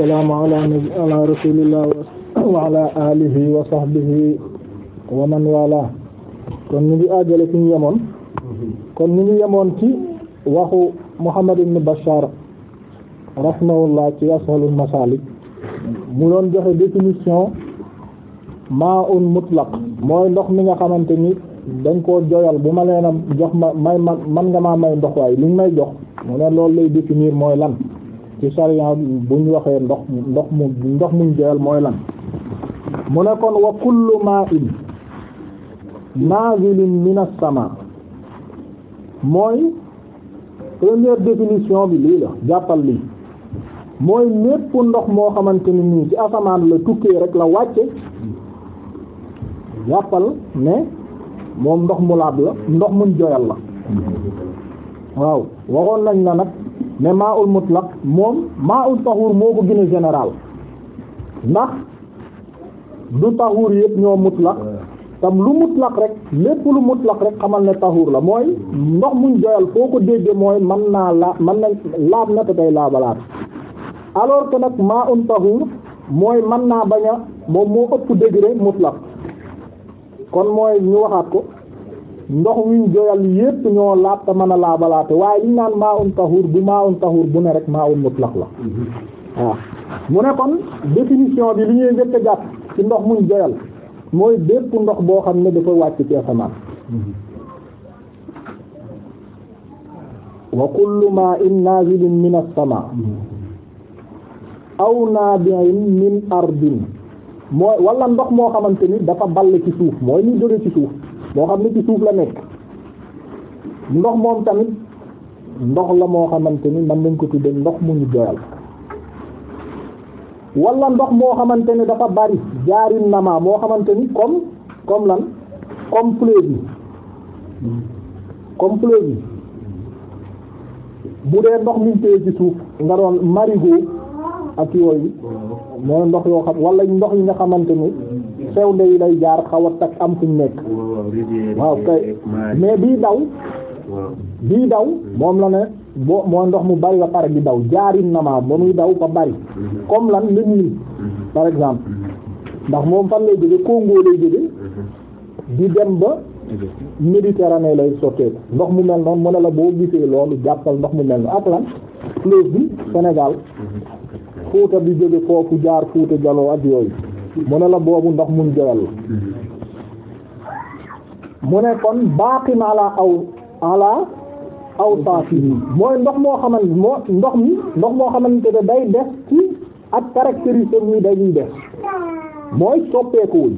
wassalaamu ala rasulillah wa ala alihi wa sahbihi wa man wala kon ñu ngi àggale fi ñu yemoon kon ñu ngi yemoon ci waxu Muhammad ibn Bashar rahimahullah ci ashalul masalik mu doon joxe ma ma'un mutlaq mooy ndox mi nga xamante ni dañ koo joyal bu ma leen jox ma may man man nga maa may ndox waay li ñu may jox mu ne loolu lay définir mooy lan ci sariya buñ waxee ndox ndox mu ndox muñ joyal mooy lan mu ne kon wa kullu ma'in nazilin minas sama mooy première définition bi lii la jàppal lii mooy mépp ndox moo xamante ni nii ci asamaan la tukkee rek la wàcce jàppal ne moom ndox mu laab la ndox mu joyal la waaw waxoon nañ la nag mais maa ul mutlaq moom maa ul taxuur moo ko gën a ndax du taxuur yëpp ñoo mutlaq tam lu mutlaq rek lépp lu mutlaq rek xamal ne taxuur la mooy ndox muñ joyal foo ko dégge mooy man naa la mën na laab na te laabalaat alors que nag maa un taxuur mooy mën naa baña a moom moo ëpp degré mutlaq kon mooy ñu waxaat ko ndox wiñ joyal yépp ñoo laab te mën a laabalaate waaye liñ naan maa un tahur bu maa un tahur bu ne rek maa un mutlaq la waaw mu ne kon définition bi li ñuy njëkk a ci ndox muñ joyal mooy bépp ndox boo xam ne dafa wàcc ci asamaan wa kullu ma'in nazilin min as-sama aw nabi'in min ardin mooy wala ndox moo xamante ni dafa bal ci suuf mooy ni jóge ci suuf boo xam ne ci suuf la nekk ndox moom tamit ndox la moo xamante ni mën nañ ko tuddee ndox mu ñu doyal wala ndox moo xamante ni dafa bari jaarin nama moo xamante ni comme comme lan comme fleuve bi comme fleuve bi bu dee ndox mi téye ci suuf nga doon marigot ak yooyu mooy ndox yoo xam wala ndox yi nga xamante ni sew ndeyi lay jaar xaw a takk am fuñ nekk waaw kay mais bii daw bii daw moom la ne boo moo ndox mu bari ba pare di daw jaarin na ma ba muy daw ba bari mhm. comme lan lëg nii mhm. par exemple mhm. ndax moom fan lay jóge Congo lay jóge di dem ba Méditerranée lay sotteeku ndox mu mel noonu mu la boo gisee loolu jàppal ndox mu mel noonu ak lan fleuve bi Sénégal Fuuta bi jóge foofu jaar Fuuta Jaloo ak yooyu mu ne la boobu ndox mun joyal la mu ne kon baqin ala aw ala aw taafi mooy ndox moo xaman moo ndox mi ndox moo xamante ne day des ci ak caractéristique mi dañuy des mooy soppeekuwuñ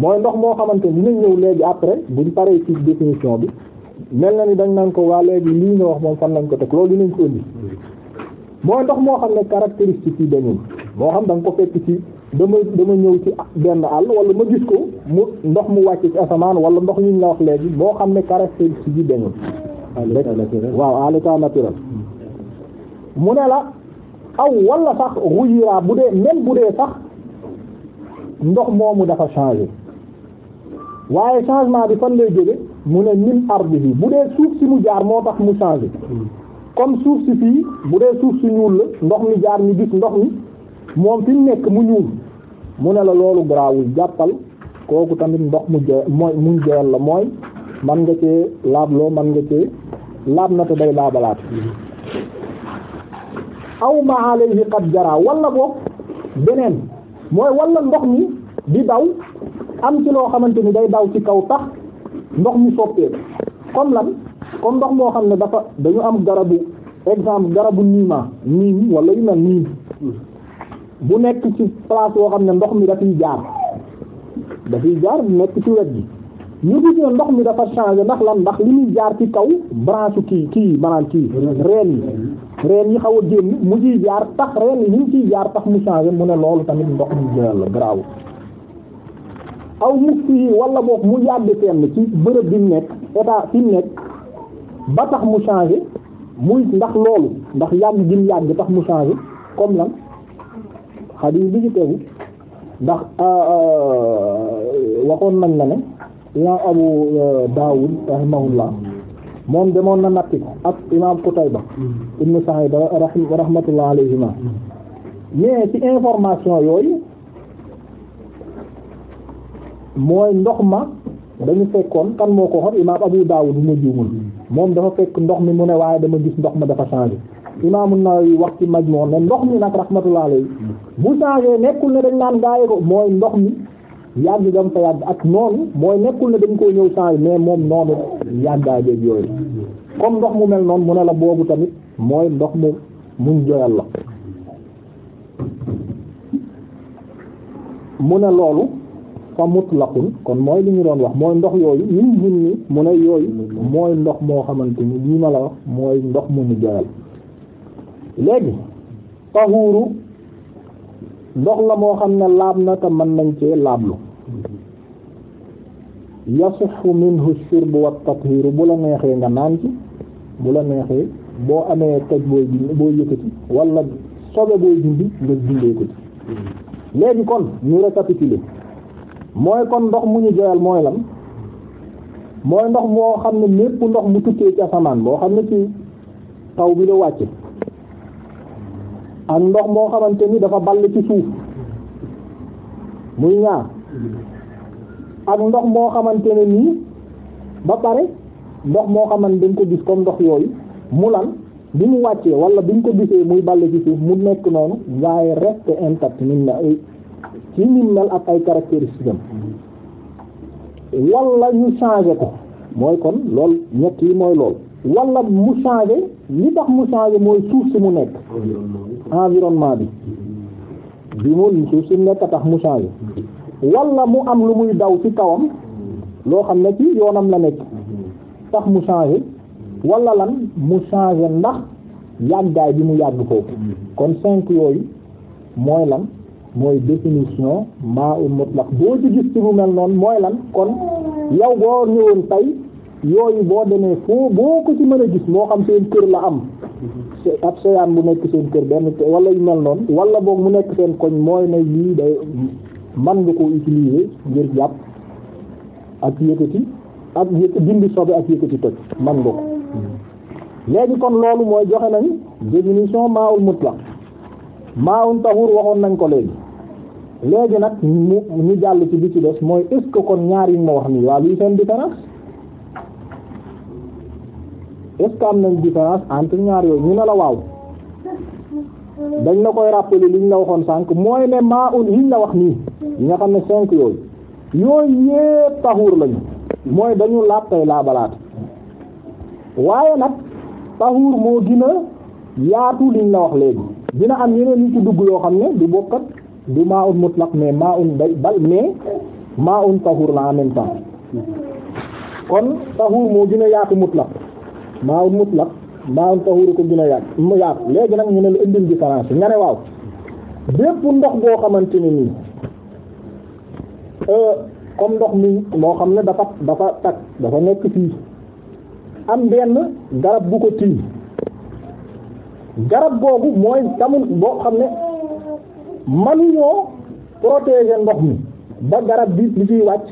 mooy ndox moo xamante ni nañ ñëw léegi après buñ paree ci définition bi mel na ni dañ naan ko waa léegi lii nga wax moom fan lañ ko teg loolu dinañ ko indi mooy ndox moo xam ne caractéristique yi dañu moo xam da ko fekk ci dama dama ñëw ci benn àll wala ma gis ko mu ndox mu wàcc ci asamaan wala ndox ñu la wax léegi boo xam ne caractéristique yi dañu waaw à l'état naturel mu ne la aw wala sax ruyiraa bu dee même bu dee sax ndox moomu dafa changé waaye changement bi fan lay jóge mu ne min ardihi bu dee suuf si mu jaar moo tax mu changé hmm. comme suuf si fii bu dee suuf si ñuul la ndox mi jaar ñu gis ndox mi moom fi mu nekk mu ñuul mu ne la loolu garaawul jàppal kooku tamit ndox mu jo mooy mu joyal la mooy man nga cee loo man nga cee laab na te day laabalaat aw ma alayhi qad jara walla boog beneen mooy wala ndox mi di daw am ci loo xamante ni day daw ci kaw tax ndox mi soppeeku comme lan comme ndox moo xam ne dafa dañu am garabu exemple garabu niima niim wala yu mel niim bu nekk ci place yoo xam ne ndox mi dafiy jaar dafiy jaar bu nekk ci wet gi ñu gis ne ndox mi dafa changé ndax lan ndax li muy jaar ci kaw branche kii kii maanaam kii reen yi reen yi xaw a génn mu ciy jaar tax reen yi ñu ciy jaar tax mu changé mu ne loolu tamit ndox mu jël la garaaw aw mu fii wala boog mu yàgg fenn ci bërëb bi nekk état fi mu nekk ba tax mu changé muy ndax loolu ndax yàgg gi mu yàgg tax mu changé comme lan xadiis bi ci tegu ndax euh, euh, waxoon nañ la ne imaam Abu euh, Daawud rahimahullah moom demoon na natti ko ak imaam Qutayba ibn Sa'id rahmatullah alayhima mais ci information yooyu mooy ndox ma dañu fekkoon kan moo ko xor imaam Abu Daawud bu ma juumul moom dafa fekk ndox mi mu ne waaye dama gis ndox ma dafa changé Imaam An-Nawawi wax ci Majmu' ne ndox mi nag rahmatullah alayhi bu changé nekkul ne dañ naan gaaye mooy ndox mi yàgg gam fa yàgg ak noonu mooy nekkul ne dañ koo ñëw changé mais moom noonu yàggaay beeg yooyu comme ndox mu mel noonu mu ne la boobu tamit mooy ndox mu muñ joyal la mu ne loolu fa mutlaqun kon mooy li ñu doon wax mooy ndox yooyu yim jun ni mu ne yooyu mooy ndox moo xamante ni lii ma la wax mooy ndox mu ñu joyal léegi taxuuru ndox la moo xam ne laab na te mën nañ cee laablu yasufu minhu shurb wa tathiru bu la neexee nga naan ci bu la neexee boo amee toj booy dindi boo yëkkati wala sobe booy dindi nga dindee ko ci léegi kon ñu récapituler mooy kon ndox mu ñu joyal mooy lan mooy ndox moo xam ne mépp ndox mu tukkee ci asamaan boo xam ne ci taw bi la wàcce ak ndox moo xamante ni dafa ball ci suuf muy ñaar ak ndox moo xamante ne nii ba pare ndox moo xamante dañ ko gis comme ndox yooyu mu lan bi mu wàccee wala bi ñu ko gisee muy ball ci suuf mu nekk noonu waaye reste intact nim na ay ci nim mel ak ay caractéristiques am wala ñu changer ko mooy kon lool ñett yi mooy lool wala mu changé li tax mu changé mooy suuf si mu nekk environnement bi bi moom suuf si mu nekk tax mu changé wala mu am lu muy daw ci kawam loo xam ne ci yoonam la nekk tax mu changé wala lan mu changé ndax yàggaay bi mu yàgg foofu kon cinq yooyu mooy lan mooy définition maa un mutlaq boo ci ci mu mel noonu mooy lan kon yow boo ñëwoon tey yooyu boo demee foo boo ko ci mën a gis moo xam seen kër la am ab seyaan bu nekk seen kër benn wala yu mel noonu wala boog mu nekk seen koñ mooy ne lii day man nga ko utiliser ngir jàpp ak yëkkati ak yëkk dindi sobe ak yëkkati toj man nga ko léegi kon loolu mooy joxe nañ définition maawul mutlaq maawul tahur waxoon nañ ko léegi léegi nag mu ñu jàll ci bi ci des mooy est kon ñaar yi ma wax nii waa luy seen différence est ce que différence entre ñaar yooyu ñu ne la waaw dañ la koy rappeler liñ la waxoon sànq mooy ne maa ul yiñ la wax nii yi nga xam ne cinq yooyu yooyu yépp taxuur lañu mooy dañu laab tey laabalaat waaye nag taxuur moo gën yaatu liñ la wax léegi dina am yeneen ñu ci dugg yoo xam ne du bokkat du maa un mutlaq mais maa un day bal mais maa un taxuur la en même kon taxuur moo gën a yaatu mutlaq maawul mutlaq maawul tahuru ko gën a mu yaat léegi nag ñu ne la indil différence nga ne waaw bépp ndox boo xamante ne nii euh, comme ndox mi moo xam ne dafa dafa tag dafa nekk fii am benn garab bu ko tiim garab googu mooy tamul boo xam ne manuñoo protéger ndox mi ba garab bi li ciy wàcc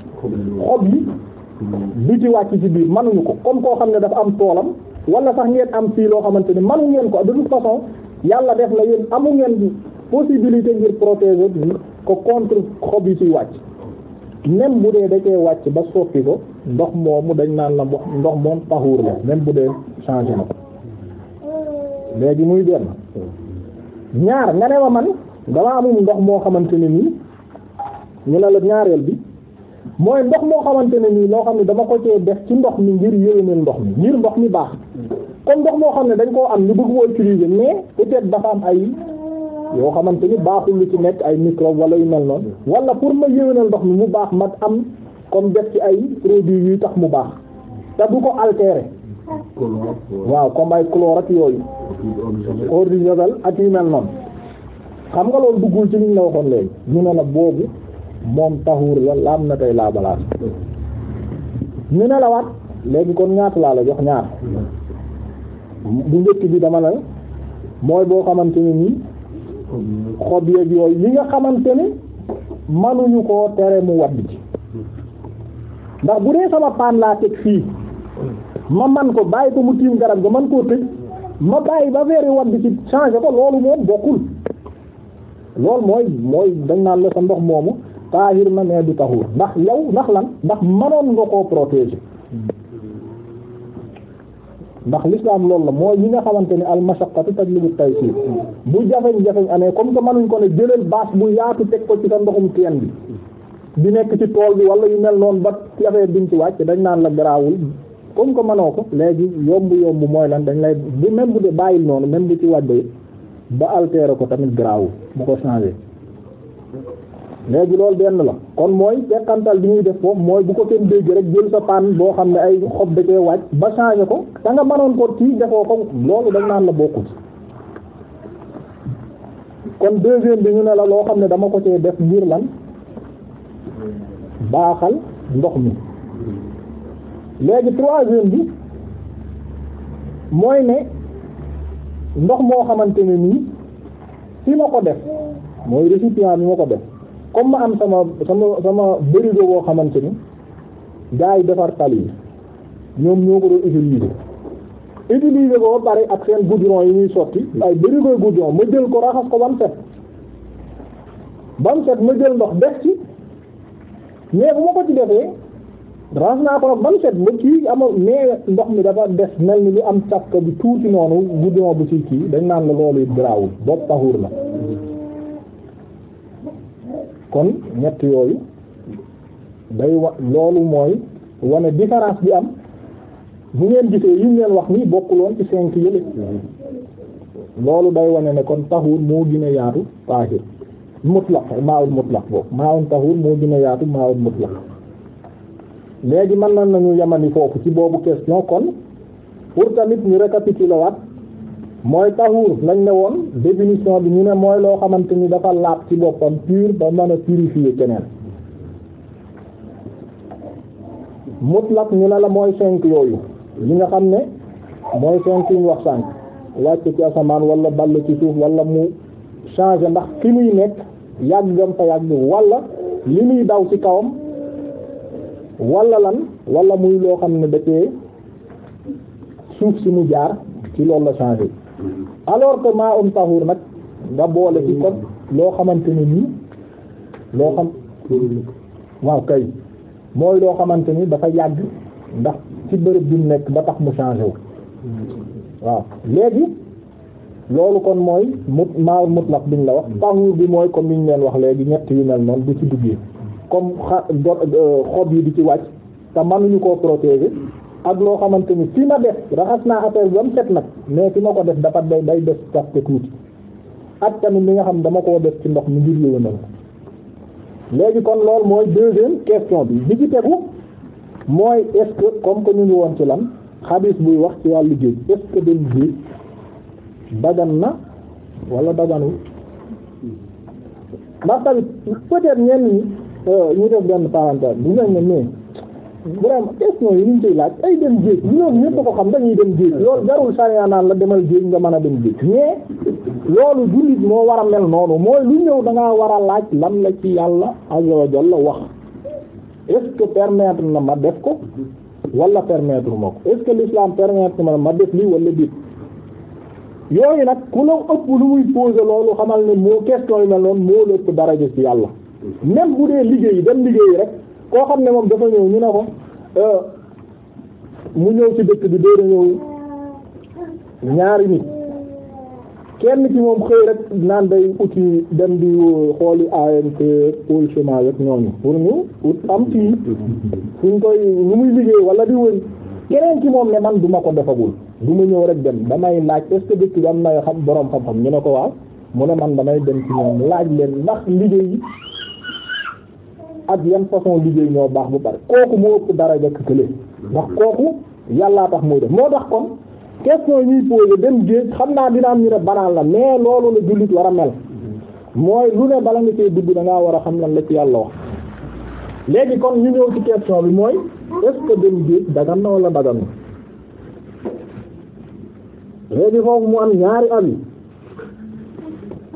xob yi du ci wàcc ci biir manuñu ko comme koo xam ne dafa am toolam walla sax ngeen am fii loo xamante ni manu ngeen ko de toute façon yàlla def na yéen amu ngeen possibilité ngir protéger ko contre xob yi ci wàcc même bu dee da cee wàcc ba soppi ko ndox moomu dañ naan la ndox moom taxuur la même bu dee changé na ko léegi muy benn ñaar nga ne ma man damaa amum ndox moo xamante ne nii ñu ne la ñaareel bi mooy ndox moo xamante ne nii loo xam ne dama ko cee def ci ndox mi ngir yëwénal ndox mi ngir ndox mi baax comme ndox moo xam ne dañ koo am ni bëgg koo utiliser mais peut-être dafa am ay yoo xamante ni baaxul lu ci nekk ay microbe wala yu mel noonu wala pour ma yëwénal ndox mi mu baax ma am kon def ci ay produits yuy tax mu baax te du ko altérer waaw comme ay chlore ak yooyu eau de ak yu mel noonu xam nga loolu duggul ci liñ la waxoon léegi ñu ne la boobu moom taxuur la laab na tey laabalaat ñu ne la waat léegi kon ñaat laa la jox ñaar bu njëkk bi dama la mooy boo xamante ni nii xob yeeg yooyu yi nga xamante ne manuñu koo tere mu wadd ci ndax bu dee sama paan laa teg fii ma man ko bàyyi ko mu tiim garab ga man koo tëj ma bàyyi ba feeri wadd ci changé ko loolu moom bokkul loolu mooy mooy dañ naan la sa ndox moomu taahir na mais du taxur ndax yow ndax lan ndax mënoon nga koo protéger ndax l'islam loolu la mooy ñi nga xamante ne al mashaqqatu tajlibu taysir bu jafeñ-jafeñ amee comme que mënuñ ko ne jëlal bâche bu yaatu teg ko ci sa ndoxum teen bi di nekk ci tool bi wala yu mel noonu ba affaire biñ ci wàcc dañ naan la garaawul comme que mënoo ko léegi yomb yomb mooy lan dañ lay bu même bu bàyyil noonu même bu ci wàddee ba altérer ko tamit garaawul bu ko changer léegi loolu benn la kon mooy teqantal di ñuy def foofu mooy bu ko kenn dégg rek jël sa paan boo xam ne ay xob da koy wàcc ba changé ko da nga mënoon ko ci defoo ko loolu dañ naan la bokkut kon deuxième bi ñu ne la loo xam ne dama ko cee def ngir lan baaxal ndox mi léegi troisième bi mooy ne ndox moo xamante ne nii fi ma ko def mooy récipient bi ma ko def comme ma am sama sama sama bërigo boo xamante ni gars yi defar tali yi ñoom ñoo ko doon utiliser utiliser ko ba ak seen goudron yi ñuy sotti ay bërigoy goudron ma jël ko raxas ko ba mu ma jël ndox def ci mais bu ma ko ci defee raxas naa ko nag ba ma kii ama mais ndox mi dafa des mel ni lu am càkk bi tuuti noonu goudron bu ci kii dañ naan la loolu it garaawul bopp taxuur la kon ñett yooyu day wa loolu mooy wane différence bi am bu ngeen gisee yi ngeen wax ni bokkuloon ci cinq yële loolu day wane ne kon taxul moo gën a yaatu taahir mutlaq maawul mutlaq boobu maawul taxul moo gën a yaatu maawul mutlaq léegi na nañu yemani foofu ci boobu question kon pour tamit ñu récapituler waat mooy tahur lañ ne woon définition bi ñu ne mooy loo xamante ni dafa laab ci boppam pur ba mën a purifier keneen mutlaq ñu ne la mooy cinq yooyu li nga xam ne mooy cinq yuñ wax sànq wàcc ci asamaan wala ball ci suuf wala mu changé ndax fi muy nekk yàggam fa yàgg wala li muy daw ci kawam wala lan walla muy loo xam ne da cee suuf si mu jaar ci loolu la changé alors que maa um tahur nag nga boole ci kon loo xamante ne nii loo xam waaw kay mooy loo xamante ni dafa yàgg ndax ci bërëb bi mu nekk ba tax mu changé wu waaw léegi loolu kon mooy mut maa um mutlaq biñ la wax tahur bi mooy comme ñu leen wax léegi ñett yu mel noonu du ci duggee comme xa euh, xob yi di ci wàcc te man nañu ko protéger ak loo xamante ni fi ma def raxas naa affaire bi ba set nag mais fi ma ko def dafa day day def saxte tuuti ak tamit li nga xam dama koo def ci ndox mi ngir yéwénal léegi kon loolu mooy deuxième question bi bi ci tegu mooy est comme que ñu ngi woon ci lan xabis buy wax ci wàllu géej est-ce que dem dagan na walla daganul ndax tamit peut-être ñenn ñi euh, ñu def benn parenthèse bu ñu ne mais. vraiment question yi ñu koy laaj ay dem géej ñoom ñëpp ko xam dañuy dem géej loolu jarul sariya naan la demal géej nga mën a dem géej loolu moo wara a mel noonu mooy lu ñëw da ngaa laaj lan la ci yàlla azza wa jalla wax est-ce que na ma def ko wala permettre ma ko est-ce que l'islam na ma def lii wala déet yooyu nag ku la ëpp lu muy poser loolu xamal ne moo question yi mel noonu moo la ëpp ci yàlla même bu dee liggéey dem liggéey rek. koo xam ne moom dafa ñëw ñu ne ko euh, mu ñëw ci dëkk bi dóor a ñëw ñaari nit kenn ki moom xëy rek naan day uti dem di xooli AMP pôle chômage rek ñooñu pour ñu ut am fii suñ koy ñu muy liggéey wala di wëri keneen ki moom ne man du ma ko defagul du ñëw rek dem damay laaj est-ce bi am na xam boroom xam-xam ñu ne ko waaw mu ne man damay dem ci ñoom laaj leen ndax liggéey ak yan façon liggéey ñoo baax bu bari kooku moo ëpp dara jëkk kële ndax kooku yàllaa tax muy def moo tax kon question yi ñuy posé dem géej xam naa dina am ñu ne banaan la mais loolu la jullit war a mel mooy lu ne bala nga cee dugg da war a xam lan la ci yàlla wax léegi kon ñu ñëw ci question bi mooy est-ce que dem géej dagan na wala dagan na léegi foofu mu am ñaari avis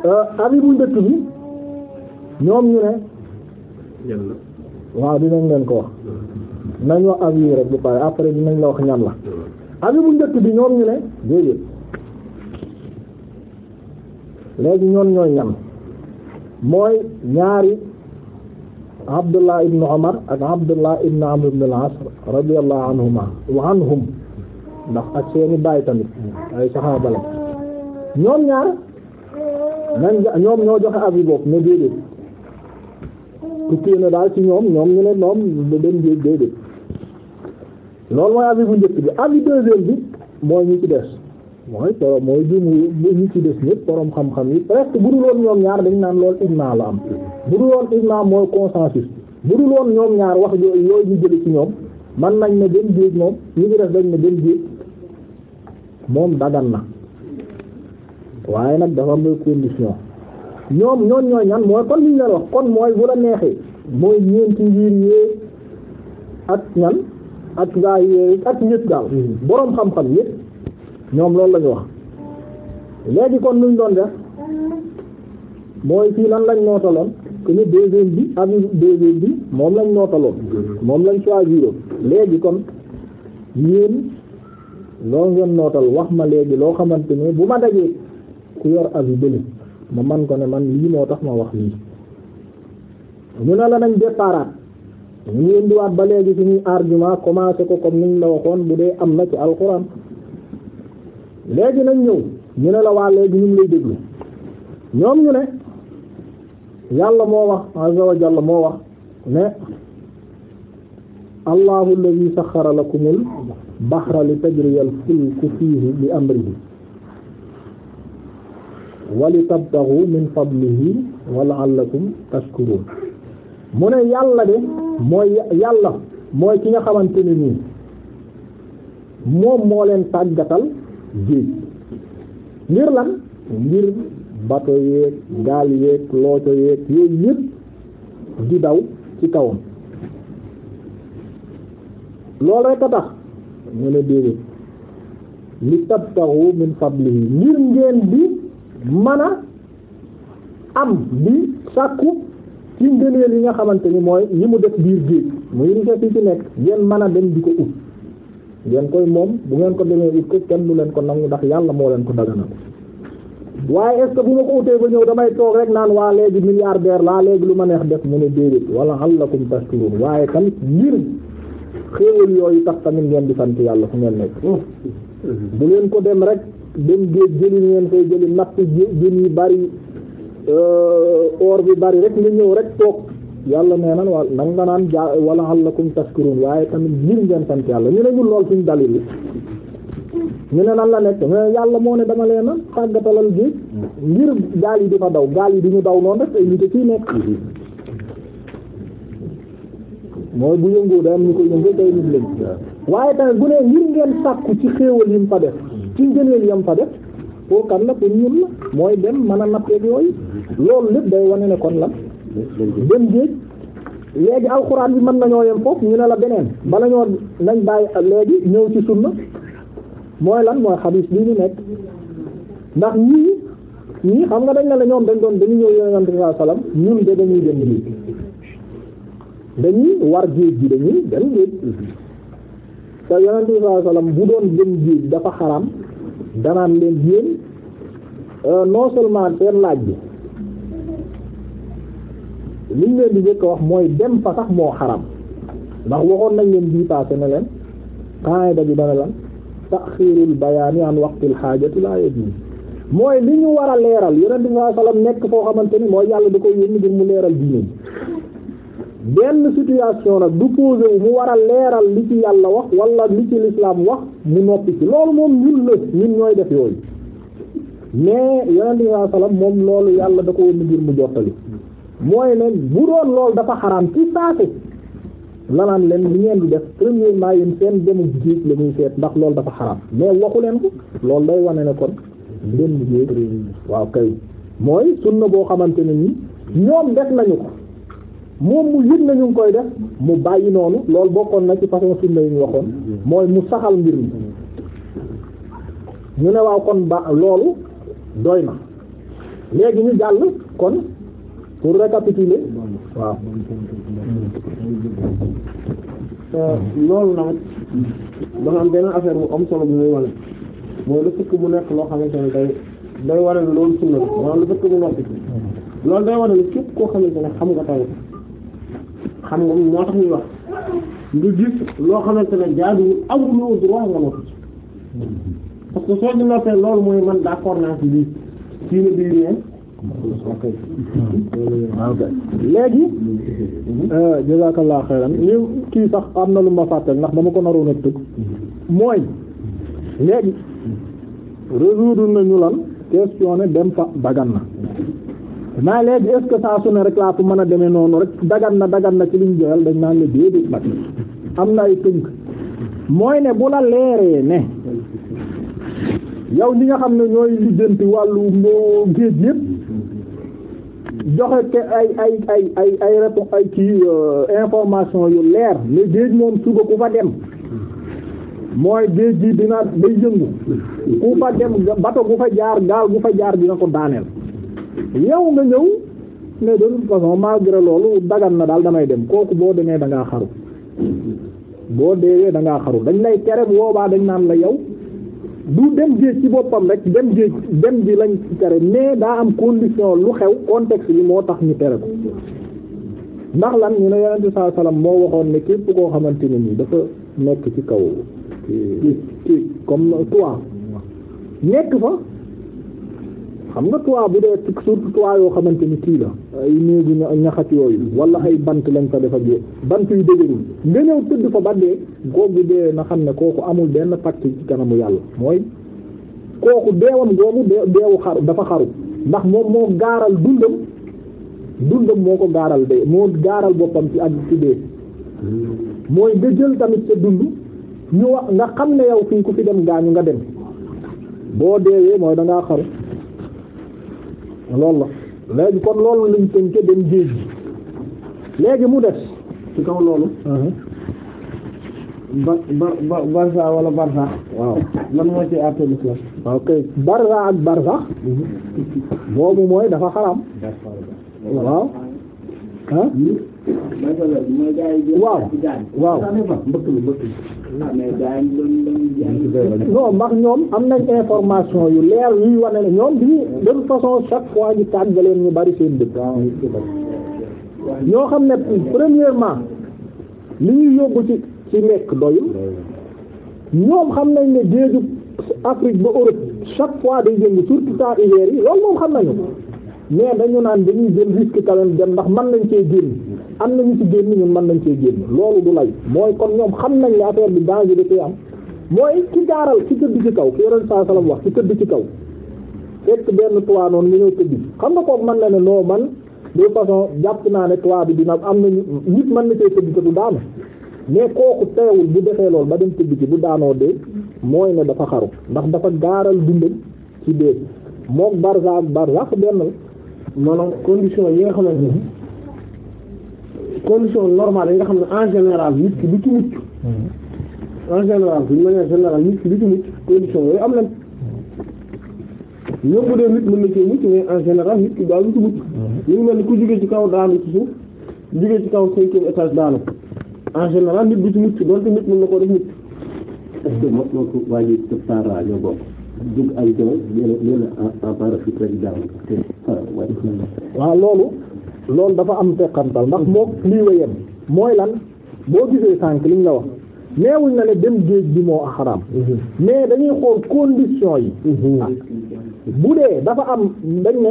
euh, avis bu njëkk bi ñoom ñu ne waaw dinañ leen ko wax hmm. nañ wax avis yi rek bu pare après dinañ la wax ñan la hmm. avis bu njëkk bi ñoom ñu ne déedéet léegi ñoom ñooy ñan mooy ñaari Abdullah ibn Umar ak Abdullah ibn Amr ibn al-As anhuma wa anhum ndax ak seeni baay tamit ay saxaaba la ñoom ñaar nañ ñoom ñoo joxe avis boobu ne déedéet tukkee na daal ci ñoom ñoom ñu ne ñoom da dem géej déedéet loolu mooy avis bu njëkk bi avis deuxième bi mooy ñu ci des mooy borom mooy jumwu ñu ci des ñëpp borom xam-xam yi presque bu dul woon ñoom ñaar dañ naan lool ijmaa la am bu dul woon ijmaa mooy consensus bu dul woon ñoom ñaar wax yooyu yooyu ñu jële ci ñoom man nañ ne dem géej moom ñu ngi def dañ ne dem géej moom dagan na waaye nag dafa am condition ñoom ñoon ñooy ñan mooy kon liñ leen wax kon mooy bu la neexee mooy ñeenti ngir yee ak ñan ak gaa yee ak ñëpp daal mm-hmm. boroom xam-xam yëpp ñoom loolu lañu wax léegi kon luñ doon def mooy fii lan lañ nootaloon que ni deuxième bi ak deuxième bi moom lañ nootaloon mm-hmm. moom lañ choisir léegi kon yéen loo ngeen nootal wax ma léegi loo xamante ne bu ma dajee ku yor avis bële ma man ko ne man lii moo tax ma wax lii ñu ne la nañ déparat ñu ngi indiwaat ba léegi suñuy argument commencé ko comme ni ñu la waxoon bu dee am na ci alxuraan léegi nañ ñëw ñu ne la waa léegi ñu ngi lay déglu ñoom ñu ne yàlla moo wax azza wa jalla moo wax ne allahu alladhi sakhkhara lakumul bahra li tajriyal fulku fiihi bi amrihi wali tabtaxu min fadlihi wa la'allakum tashkurun mu ne yàlla de mooy yàlla mooy ki nga xamante ne nii moom moo leen tàggatal géej ngir lan ngir bato yeeg gaal yeeg looco yeeg yooyu yëpp di daw ci kawam loolu rek a tax ñu ne déedéet li tabtaxu min fadlihi ngir ngeen bi mën a am di sàkku ci ngëneel yi nga xamante ni mooy yi mu def biir géej muy richesse yi ci nekk ngeen mën a dem di ko ut ngeen koy moom bu ngeen ko demee ut ko kenn mu leen ko nangu ndax yàlla moo leen ko daganal waaye est ce que bu ma ko utee ba ñëw damay toog rek naan waa léegi milliardaire laa léegi lu ma neex def mu ne déedéet wala allakum tashkurun waaye tamit ngir xéewal yooyu tax tamit ngeen di sant yàlla fu ngeen nekk hmm. bu leen ko dem rek dem géej jëli ngeen koy jëli natt jën yi bari euh, or bi bari rek nga ñëw rek toog yàlla nee nan wa nag nga naan ja wala allakum tashkurun waaye tamit ngir ngeen sant yàlla ñu ne ñun lool suñ dalil yi ñu ne nan la nekk mais yàlla moo ne dama leen a tàggatalal géej ngir gaal yi di fa daw gaal yi di ñu daw noonu rek ay nit a ciy nekk mooy bu yëngoo day am ñu koy yëngoo day nit lañ waaye tamit bu ne ngir ngeen sàkku ci xéewal yi mu fa def ci ngëneel yam fa def pour kan la pour ñun la mooy dem mën a nappeeg yooyu loolu lépp day wane ne la dem géej léegi alxuraan bi man nañoo yem foofu ñu ne la beneen bala ñoo nañ bàyyi léegi ñëw ci sunna mooy lan mooy xadiis bi ñu nekk ndax ñii ñii xam nga dañ ne la ñoom dañ doon dañuy ñëw yonent bi sallallahu alayhi wasallam ñun de dañuy dem géej dañuy war géej gi dañuy dem géej te yonent bi sallallahu bu doon dem géej dafa xaram danaan leen yéen euh, non seulement seen laaj bi li leen di njëkk a wax mooy dem fa moo xaram ndax waxoon nañ leen bii passé na leen qaida bi dana lan taxiirul bayaani an waqtil xaajati laa yajuuz mooy li ñu war a leeral yonent bi sallallahu alayhi nekk foo xamante ni mooy yàlla di koy yónni ngir mu leeral diine benn situation nag du posé wu mu war a leeral li ci yàlla wax wala li ci l'islam wax mu noppi ci loolu moom ñun la ñun ñooy def yooyu mais yonent bi sallallahu moom loolu yàlla da ko woon ngir mu jottali mooy ne bu doon lool dafa xaram ci saase lanaan leen li ngeen di def premièrement yéen seen dem géej la ñuy seet ndax loolu dafa xaraam mais waxu leen ko loolu day wane ne kon dem géej waaw kay mooy sunna boo xamante ne ni ñoom def nañu ko moom mu yëg na ngi koy def mu bàyyi noonu loolu bokkoon na ci façon sunna yi ñu waxoon mooy mu saxal mbir mi ñu ne waaw kon ba loolu doy na léegi ñu jàll kon pour récapituler waaw euh, loolu nag dafa am benn affaire bu am solo bu muy mooy lu fekk mu nekk loo xamante ne day day loolu lu fekk mu noppi hmm. day wane ne képp koo xamante ne xam nga tawee xam nga moo tax ñuy wax nga gis loo xamante ne jaaduwul amuloo nga noppi parce soo ñu noppee loolu mooy man d'accord naa ci lii kii na léegi mhm. euh, jazakallah xayran li kii sax am na lu ma fàttal ndax dama ko naroon a tëgg mhm. mooy léegi résoudre nañu lan question dem fa dagan na naa léegi est-ce rek laa ko mën a demee noonu rek dagan na dagan na ci liñ joyal dañ naan la déedéet na ay tënk ne bu la leeree ne yow ñi nga xam ne ñooy lijjanti wàllu géej yëpp joxe te ay ay ay ay ay réponse ay kii euh, information yu leer ne géej moom suba ku fa dem mooy géej gi dina day yëngu ku fa dem bato bu fa jaar gaal bu fa jaar dina ko daaneel yow nga ñëw ne de toute façon malgré loolu dagan na daal damay dem kooku boo demee da ngaa xaru boo deewee da ngaa xaru dañ lay tere boobaa dañ naan la yow du dem géej ci boppam rek dem géej dem bi lañ ci tere mais daa am condition lu xew contexte bi moo tax ñu tere ko ndax lan ñu ne yonente saa salaam moo waxoon ne képp koo xamante ne nii dafa nekk ci kaw ci ci comme toi nekk fa xam nga toit bu dee surtout toit yoo xamante ni kii la ay néegu ñaxat yooyu wala ay bant lañ fa def ak yooyu bant yu dëgërul nga ñëw tëdd fa ba dee googu dee na xam ne kooku amul benn pacte ci kanamu yàlla mooy kooku deewam googu deewu xaru dafa xaru ndax moom moo gaaral dundam dundam moo ko gaaral dee moo gaaral boppam ci ak ci dee mooy nga jël tamit sa dund ñu wax nga xam ne yow fii ko fi dem gaañu nga dem boo deewee mooy dangaa xaru loolu la léegi kon loolu lañ tënk dem géej gi léegi mu des ci kaw loolu uh-huh. ba ba barsa walla barsa waaw lan moo ci àtte l'islam waaw barsa ak barsa uh-huh. boobu mooy dafa xaram waaw ah waaw waaw ah, non ndax ñoom am nañ information yu leer yuy wane ne ñoom bi de toute façon chaque fois ñu tàggaleen ñu bari seen dëkk ñoo xam ne premièrement li ñuy yóbbu ci ci lekk doyul ñoom xam nañ ne géeju Afrique ba Europe chaque fois day jënd surtout temps hiver yi loolu moom xam nañu mais dañu naan dañuy jël risque quand même dem ndax mën nañ cee génn am génn ñun mën nañ cee génn loolu du lay mooy kon ñoom xam nañ ne affaire bi danger da am mooy ki jaaral ki tëdd ci kaw ki yonent saa salaam wax ki ci kaw fekk benn toit noonu mu xam nga kooku mën na ne non man de façon jàpp naa ne toit bi dina am na nit man na see tëdd te du daanu mais kooku teewul bu defee lool ba dem tëdd ci bu daanoo dee mooy ne dafa xaru ndax dafa gaaral dundam ci dee moom barza ak barza benn la. condition yi nga xamante ne condition normale yi nga xam ne en général nit ki du ci mucc. Hmm. en général d'une manière générale nit ki li ci mucc condition yooyu am lan ñëpp de nit mën na cee mucc mais en nit ki daal ci mucc ñu mhm. ngi mel ni ku jógee ci kaw daanu ci suuf jógee ci kaw cinquième étage daanu en général nit du ci mucc nit mën na ko def mucc est-ce ay doon leen leen en parafit ah, loolu loolu dafa am teqantal ndax moo lii wa yem mooy lan boo gisee sànk liñ la wax neewuñ na ne dem géej bi moo xaraam mhm. mais dañuy xool condition yi mhm. ah. bu dee dafa am dañ ne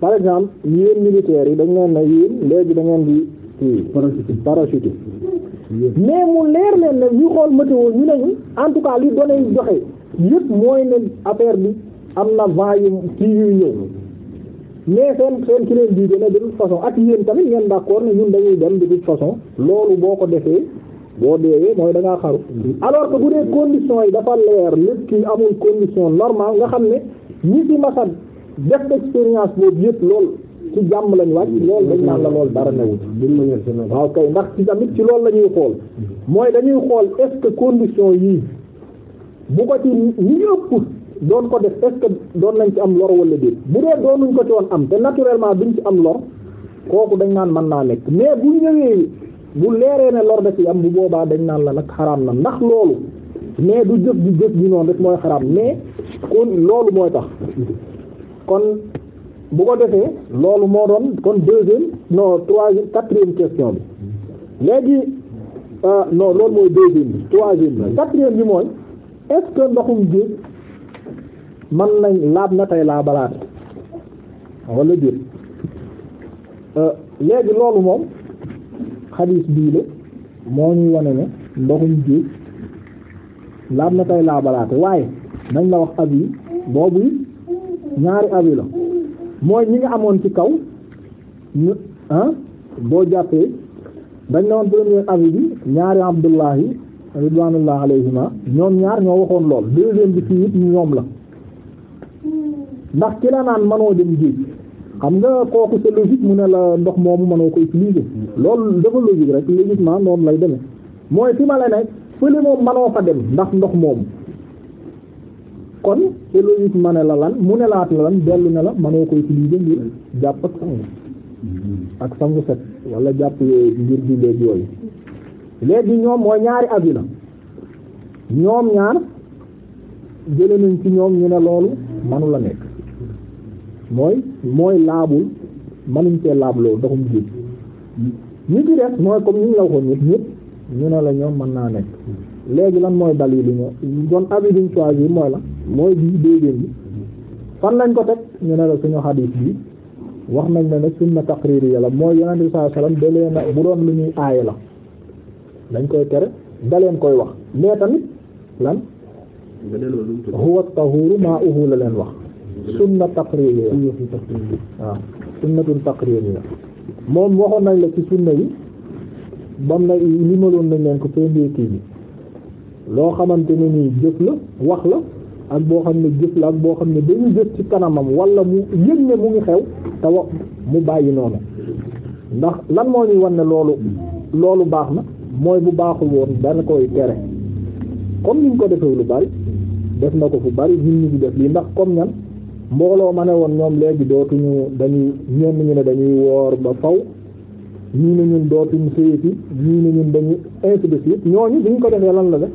par exemple yéen militaires yi dañ leen ne yéen léegi da ngeen di kii parachuté mais mu leer leen ne ñu xool météo ñu ne ñu en tout cas li données joxe yëpp mooy ne affaire bi am na vent yu kii yuy ñëw mais seen seen ki leen diige ne de toute façon ak yéen tamit ngeen d'accord ne ñun dañuy dem de toute façon loolu boo ko defee boo deewee mooy da ngaa xaru alors que bu dee condition yi dafa leer nit ki amul condition normale nga xam ne ñi ci masa def expérience boobu yëpp lool ci jàmm lañ wàcc loolu dañ naan la lool dara newut waaw kay ndax ci tamit ci loolu la ñuy xool mooy dañuy xool est que condition yii bu ko ci ñi ëpp doon ko def est doon nañ ci am lor wala déet bu dee doonuñ ko ci woon am te naturellement duñ ci am lor kooku dañ naan mën naa nekk mais bu ñëwee bu leeree ne lor da ci am bu boobaa dañ naan la nag xaraam na ndax loolu mais du jëf ji jëf ji noonu rek mooy xaraam mais kon loolu mooy tax kon bu ko defee loolu moo doon kon deuxième non troisième quatrième question bi léegi euh, non loolu mooy deuxième bi troisième bi quatrième bi mooy est-ce que ndoxum géej man nañ laab na tey laa balaate wala déet euh, léegi loolu moom xadiis bii la moo ñu wane ne ndoxum géej laab na koy laabalaate waaye nañ la wax ab yi ñaari ab la mooy ñi nga amoon ci kaw ñu ah boo jàppee dañ la woon premier ab bi ñaari abdullahi ridwanullah alayhima ñoom ñaar ñoo waxoon lool leen bi fii it ñoom la ndax ki la naan manoo dem géej xam nga kooku c'est logique mu ne la ndox moom mënoo ko utiliser loolu dafa logique rek logiquement noonu lay demee mooy fi ma la nekk fële moom mënoo fa dem ndax ndox moomu kon c'est logique ma ne la lan mu ne laat la lan dellu ne la mënoo ko utiliser ngir jàpp ak sangu ak sangu set wala jàpp ngir di léegi yooyu léegi ñoom mooy ñaari avis na ñoom ñaar jële nañ ci ñoom ñu ne loolu mënu la nekk mooy mooy laabul manuñ cee laab loolu ndoxum jiit ñi ci des mooy comme ñu la waxoon ñëpp ñëpp ñu ne la ñoom mën naa nekk léegi lan mooy dal yi li ñu kon avis duñ choisir mooy la mooy bii déedéen bi fan lañ ko teg ñu ne la suñu xadiis bi wax nañ ne nag sunna taqriri la mooy yonent bi sallallahu alayhi wasallam dalee na bu doon lu ñuy aaye la dañ koy tere daleen koy wax mais tamit lan huwa tahuru maa uhu la leen wax sunna taqririyya waaw sunnatun taqririyya moom waxoon nañ la ci sunna yi bam na limaloon nañ leen ko premier kii bi loo xamante ni nii jëf la wax la ak boo xam ne jëf la ak boo xam ne dañu jëf ci kanamam wala mu yëg ne mu ngi xew te mu bàyyi noonu ndax lan moo ñuy wan ne loolu loolu baax na mooy bu baaxul woon dana koy tere comme ni ñu ko defee lu bari def na ko fu bari nit ñi di def lii ndax comme ñan mbooloo ma ne woon ñoom léegi dootuñu dañuy ñenn ñu ne dañuy woor ba faw ñii ne ñun dootuñu séyati ñii ne ñun dañuy ainsi de suite ñooñu bi ñu ko defee lan la def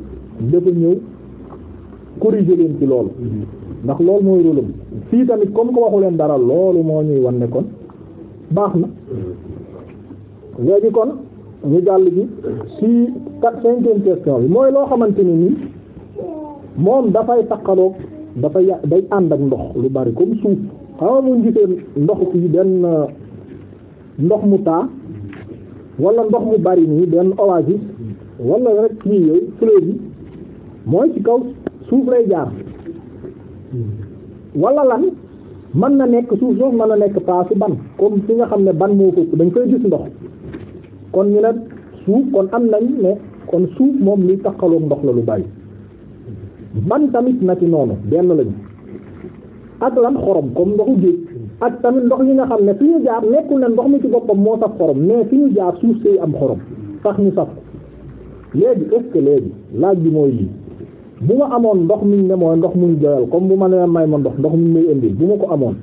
dafa ñëw corriger leen ci loolu mm-hmm. ndax loolu mooy rôlam fii tamit comme ko waxu leen dara loolu moo ñuy wan ne kon baax na mm-hmm. léegi kon ñu jàll gi ci quatre cinquième question bi mooy loo xamante ni nii moom dafay takkaloog dafa ya day ànd ak ndox lu bari comme suuf xaw mun gisee ndox fii benn ndox mu taa wala ndox mu bari nii benn oasis wala rek kii yooyu fleuve yi mooy ci kaw suuf lay jaar wala lan mën na nekk suuf soof mën na nekk paasu ban comme fi nga xam ne ban moo ko dañ koy gis ndox kon ñu ne suuf kon am nañ ne kon suuf moom li taqaloog ndox la lu bari man tamit na ci noonu benn lañu ak lan xorom comme ndoxu géej ak tamit ndox yi nga xam ne fi ñu jaar nekkul ne ndox mi ci boppam moo saf xorom mais fi ñu jaar suuf see am xorom tax ñu saf ko léegi est léegi laaj bi mooy lii bu ma amoon ndox mi ne mooy ndox muñ joyal comme bu ma nee may ma ndox ndox mu may indil bu ma ko amoon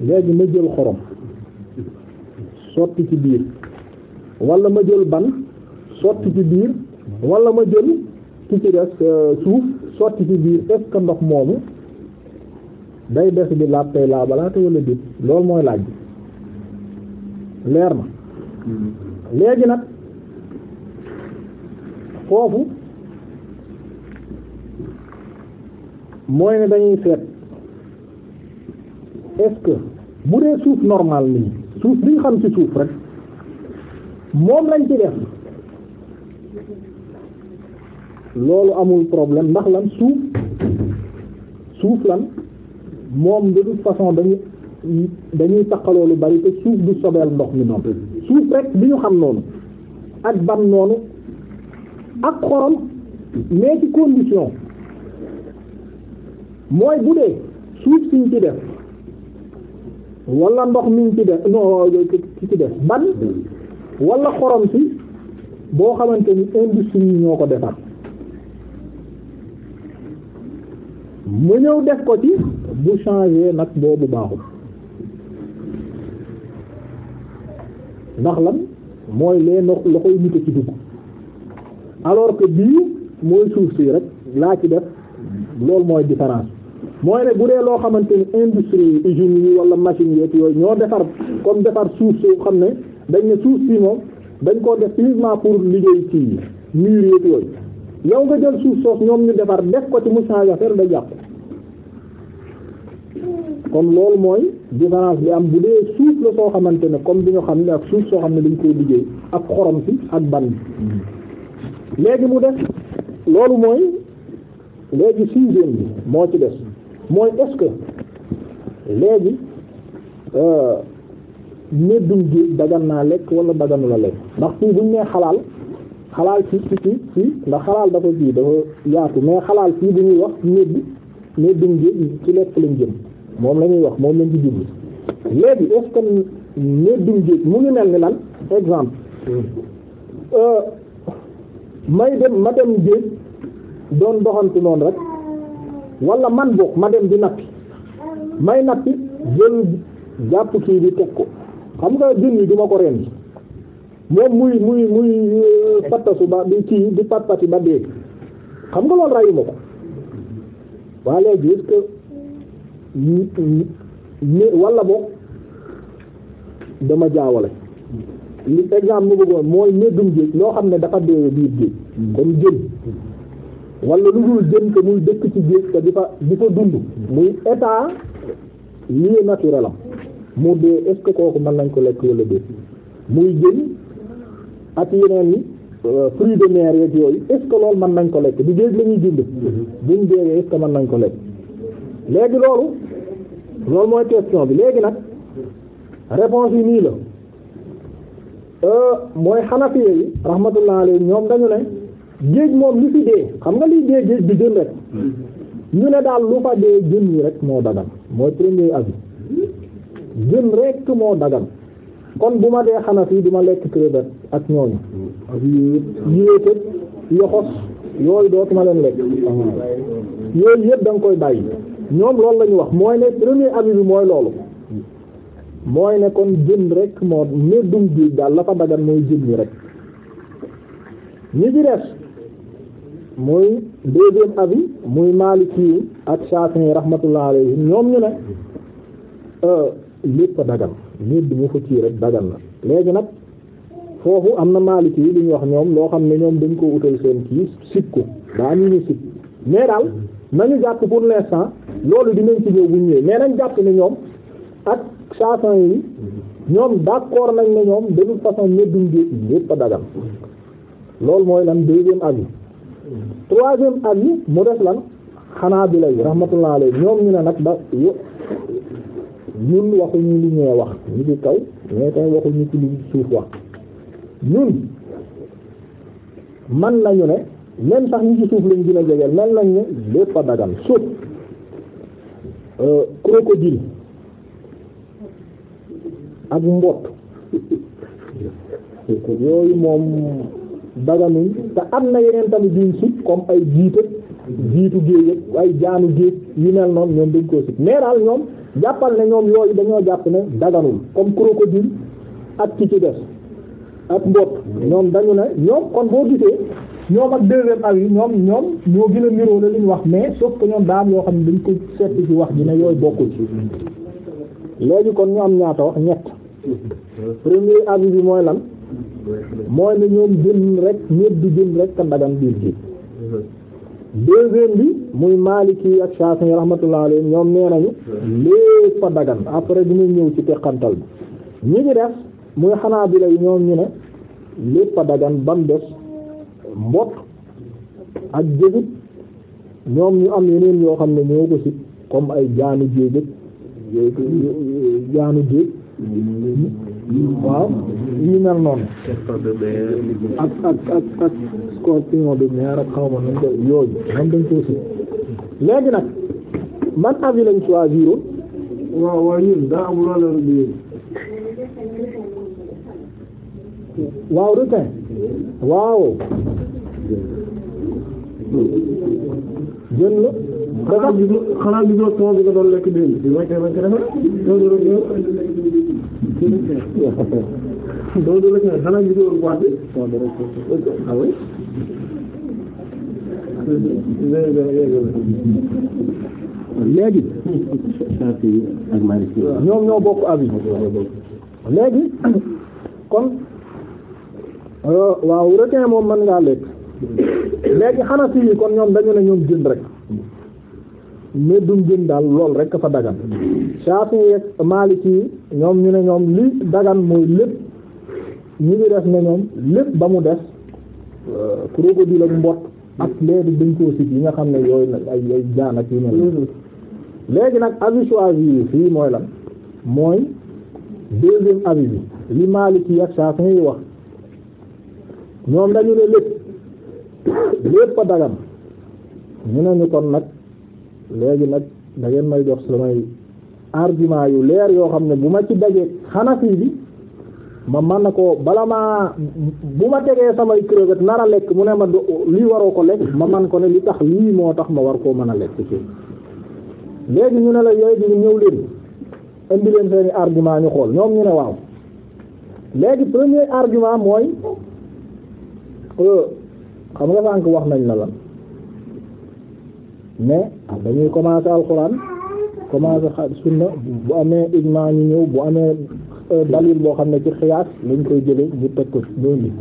léegi ma jël xorom sotti ci biir wala ma jël ban sotti ci biir wala ma jël ki ci des euh, suuf sotti ci biir est ndox moomu day des di laab tey laabalaate wala déet loolu mooy laaj leer na mm-hmm. léegi nag foofu mooy ne dañuy seet est bu dee suuf normal nii suuf bi xam ci suuf rek moom lañ ci def loolu amul problème ndax lan suuf suuf lan moom de toute façon dañuy dañuy taqaloo lu bari te suuf du sobeel ndox mi noonu suuf rek bi ñu xam noonu ak ban noonu ak xorom mais ci condition mooy bu dee suuf siñ ci def wala ndox miñ ci def non ci ci def ban wala xorom si boo xamante ni industrie yi ñoo ko defar ma ñëw def ko ci bu changé nag boobu baaxul ndax lan mooy lee no la koy muta ci dugg alors que bii mooy suuf si rek laa ci def loolu mooy différence mooy ne bu dee loo xamante ni industrie usines yi wala machines yeeg yooyu ñoo defar comme defar suuf soo xam ne dañ ne suuf si moom dañ koo def uniquement pour liggéey ci mur yeeg yooyu yow nga jël suuf soos ñoom ñu defar def ko ci moussage affaire da jàpp kon loolu mooy différence bi am bu dee suuf la soo xamante ne comme bi ñu xam ne ak suuf soo xam ne dañ koy liggéey ak xorom si ak ban léegi mu def loolu mooy léegi sixième bi moo ci des mooy est-ce que léegi méddum euh, géej dagan naa lekk wala daganu la lekk ndax fii buñ nee xalaal xalaal ci ci ci ci ndax xalaal dafa ji dafa yaatu mais xalaal fii bu ñuy wax ñébb ñébbum jëm ci lekk lañ jëm moom la ñuy wax moom lañ ci jublu léegi est-ce que ñébbum jëm mu ngi mel ni lan exemple hmm. euh, may dem ma dem géej doon doxantu noonu rek wala man boog ma dem di nappi may nappi jël jàpp kii di teg ko xam nga jën yi duma ko rendi moom muy muy muy euh, pattasu ba di kii di pat pati ba dee xam nga loolu rayu ma ko waa léegi est-ce que mais wala boog dama jaawale li exemple mu bëggoon mooy méddum géej loo xam ne dafa dee biir géej comme jën wala lu dul jën te muy dëkk ci géej te di fa di fa dund muy état lieu naturel mu dee est kooku mën nañ ko lekk wala déet muy jën ak yeneen yi euh, fruits de mer yeeg yooyu est ce que loolu mën nañ ko lekk du géej la ñuy dund mm-hmm. buñ déegee est ce que mën nañ ko lekk léegi loolu loolu mooy question bi léegi nag réponse yi nii la euh, mooy xanafi yi rahmatullah alayhi ñoom dañu ne géej moom li fi dee xam nga liy dee géej bi jën rek mm-hmm. ñu ne daal lu fa dee jën yi rek moo dagal mooy premier avis mm-hmm. jën rek moo dagan kon bu ma dee xanafi du ma lekk crevette ak ñooñu yéete yoxos yooyu dootuma leen lekk yooyu yëpp da koy bàyyi ñoom loolu lañu wax mooy ne premier avis bi mooy loolu mooy ne kon jën rek moo meddum géej daal la fa dagan mooy jën ñi rek ñi ci des muy deuxième avis muy Maliki ak Shafi'i rahmatullah alayhi ñoom ñu ne euh, lépp a dagan medd mu fa ci rek dagan la léegi nag foofu am na maaliki yi lu ñu wax ñoom loo xam ne ñoom dañ ko utal seen kii sib ko daa ni ñu sib mais daal nañu jàpp pour l'instant loolu dinañ ci ñëw bu ñëwee nañ jàpp ne ñoom ak saafan yi ñoom d'accord nañ ne ñoom de toute façon ñeddum géej gi lépp dagal loolu mooy lan deuxième avis troisième avis mu def lan xanaa bi lay rahmatullah alayhi ñoom ñu ne nag ba ñun waxuñu li ñee wax ñu ci kaw mais tey waxuñu ci li suuf wax ñun man nañu ne même sax ñi ci suuf lañ gën a jegeel mel nañ ne lépp a dagal suuf euh, crocodile ak mbott yooyu moom daganuñ te am na yeneen tamit duñ sut comme ay jiite jiitu géej ay jaanu géej yu mel noonu ñoom dañ koo sut mais ñoom jàppal ne ñoom yooyu dañoo jàpp ne daganul comme crocodile ak ci ci des ak mbott ñoom dañu na ñoom kon boo gisee ñoom ak deuxième avis ñoom ñoom ñoo gën a niroo la wax mais sauf que ñoom daam yoo xam ne dañ ko setti ci wax ji ne yooyu bokkul ci léegi kon ñu am ñaata wax ñett premier avis bi mooy lan mooy ne ñoom jën rek ñépp di jën rek ka dagan biir ci deuxième bi muy Maliki ak Shafi'i rahmatullah alayhi ñoom nee nañu lépp fa dagan après dinañ ñëw ci teqantal bi ñi ngi def muy xanaa bi lay ñoom ñu ne lépp a dagan bam des mbott ak jëgit ñoom ñu am yeneen yoo xam ne ñoo ko comme ay jaanu jéegëg jaanu jéeg waaw yi mel noonu ak ak ak ak scorpion de mer ak xaw ma nañ ko yooyu moom nag man avis lañ choisir waaw waaw ñun daa amul loolu waaw requin waaw jën la xanaa gisoo xanaa gisoo son bi nga doon lekk démb bi ma koy ma koy defal xanaa gisoo boîte bi ah oui léegi kon Euh, waaw requin moom mën ngaa lekk léegi xanafi yi kon ñoom dañu ne ñoom jën rek meddum jën daal lool rek fa dagan Shafi ak Maliki yi ñoom ñu ne ñoom li dagan mooy lépp ñu ngi def ne ñoom lépp ba mu des euh, crocodile ak mbott ak léegi duñ koo sit yi nga xam ne yooyu nag ay ay jaan ak yu mel léegi nag avis choisi yi fii mooy lan mooy deuxième avis bi li Maliki ak Shafi yi wax ñoom dañu ne lépp lépp a dagan ñu ne ñu kon nag léegi nag da ngeen may jox samay argument yu leer yoo xam ne bu ma ci dajee xanafi bi ma man na ko bala ma bu ma tegee samay crevette nara lekk mu ne ma lii waroo ko lekk ma man ko ne li tax lii moo tax ma war koo mën a lekk ci léegi ñu ne la yooyu di ñëw leen indi leen seeni argument ñu xool ñoom ñu ne waaw léegi premier argument mooy Euh, xam nga sànq wax nañ la lan mais ah, dañuy commencer alxuraan commencer sunna bu amee ijmaa ñu ñëw bu amee euh, dalil boo xam ne ci xiyaas lañ koy jële ñu teg ko ñoo ngi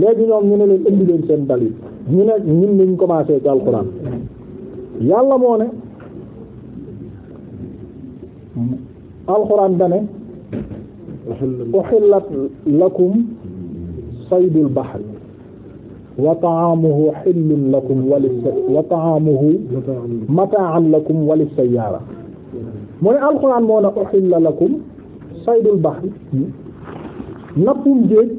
léegi ñoom ñu ne leen indi leen seen dalil ñu ne ñun lañ commencer ci alxuraan yàlla moo ne alxuraan dane uhillat lakum saydul bahri wa ta'amuhu hillun lakum wali wa ta'amuhu mata'an lakum wali sayyara mu ne alxuraan moo ne uhilla lakum saydul bahri nappum géej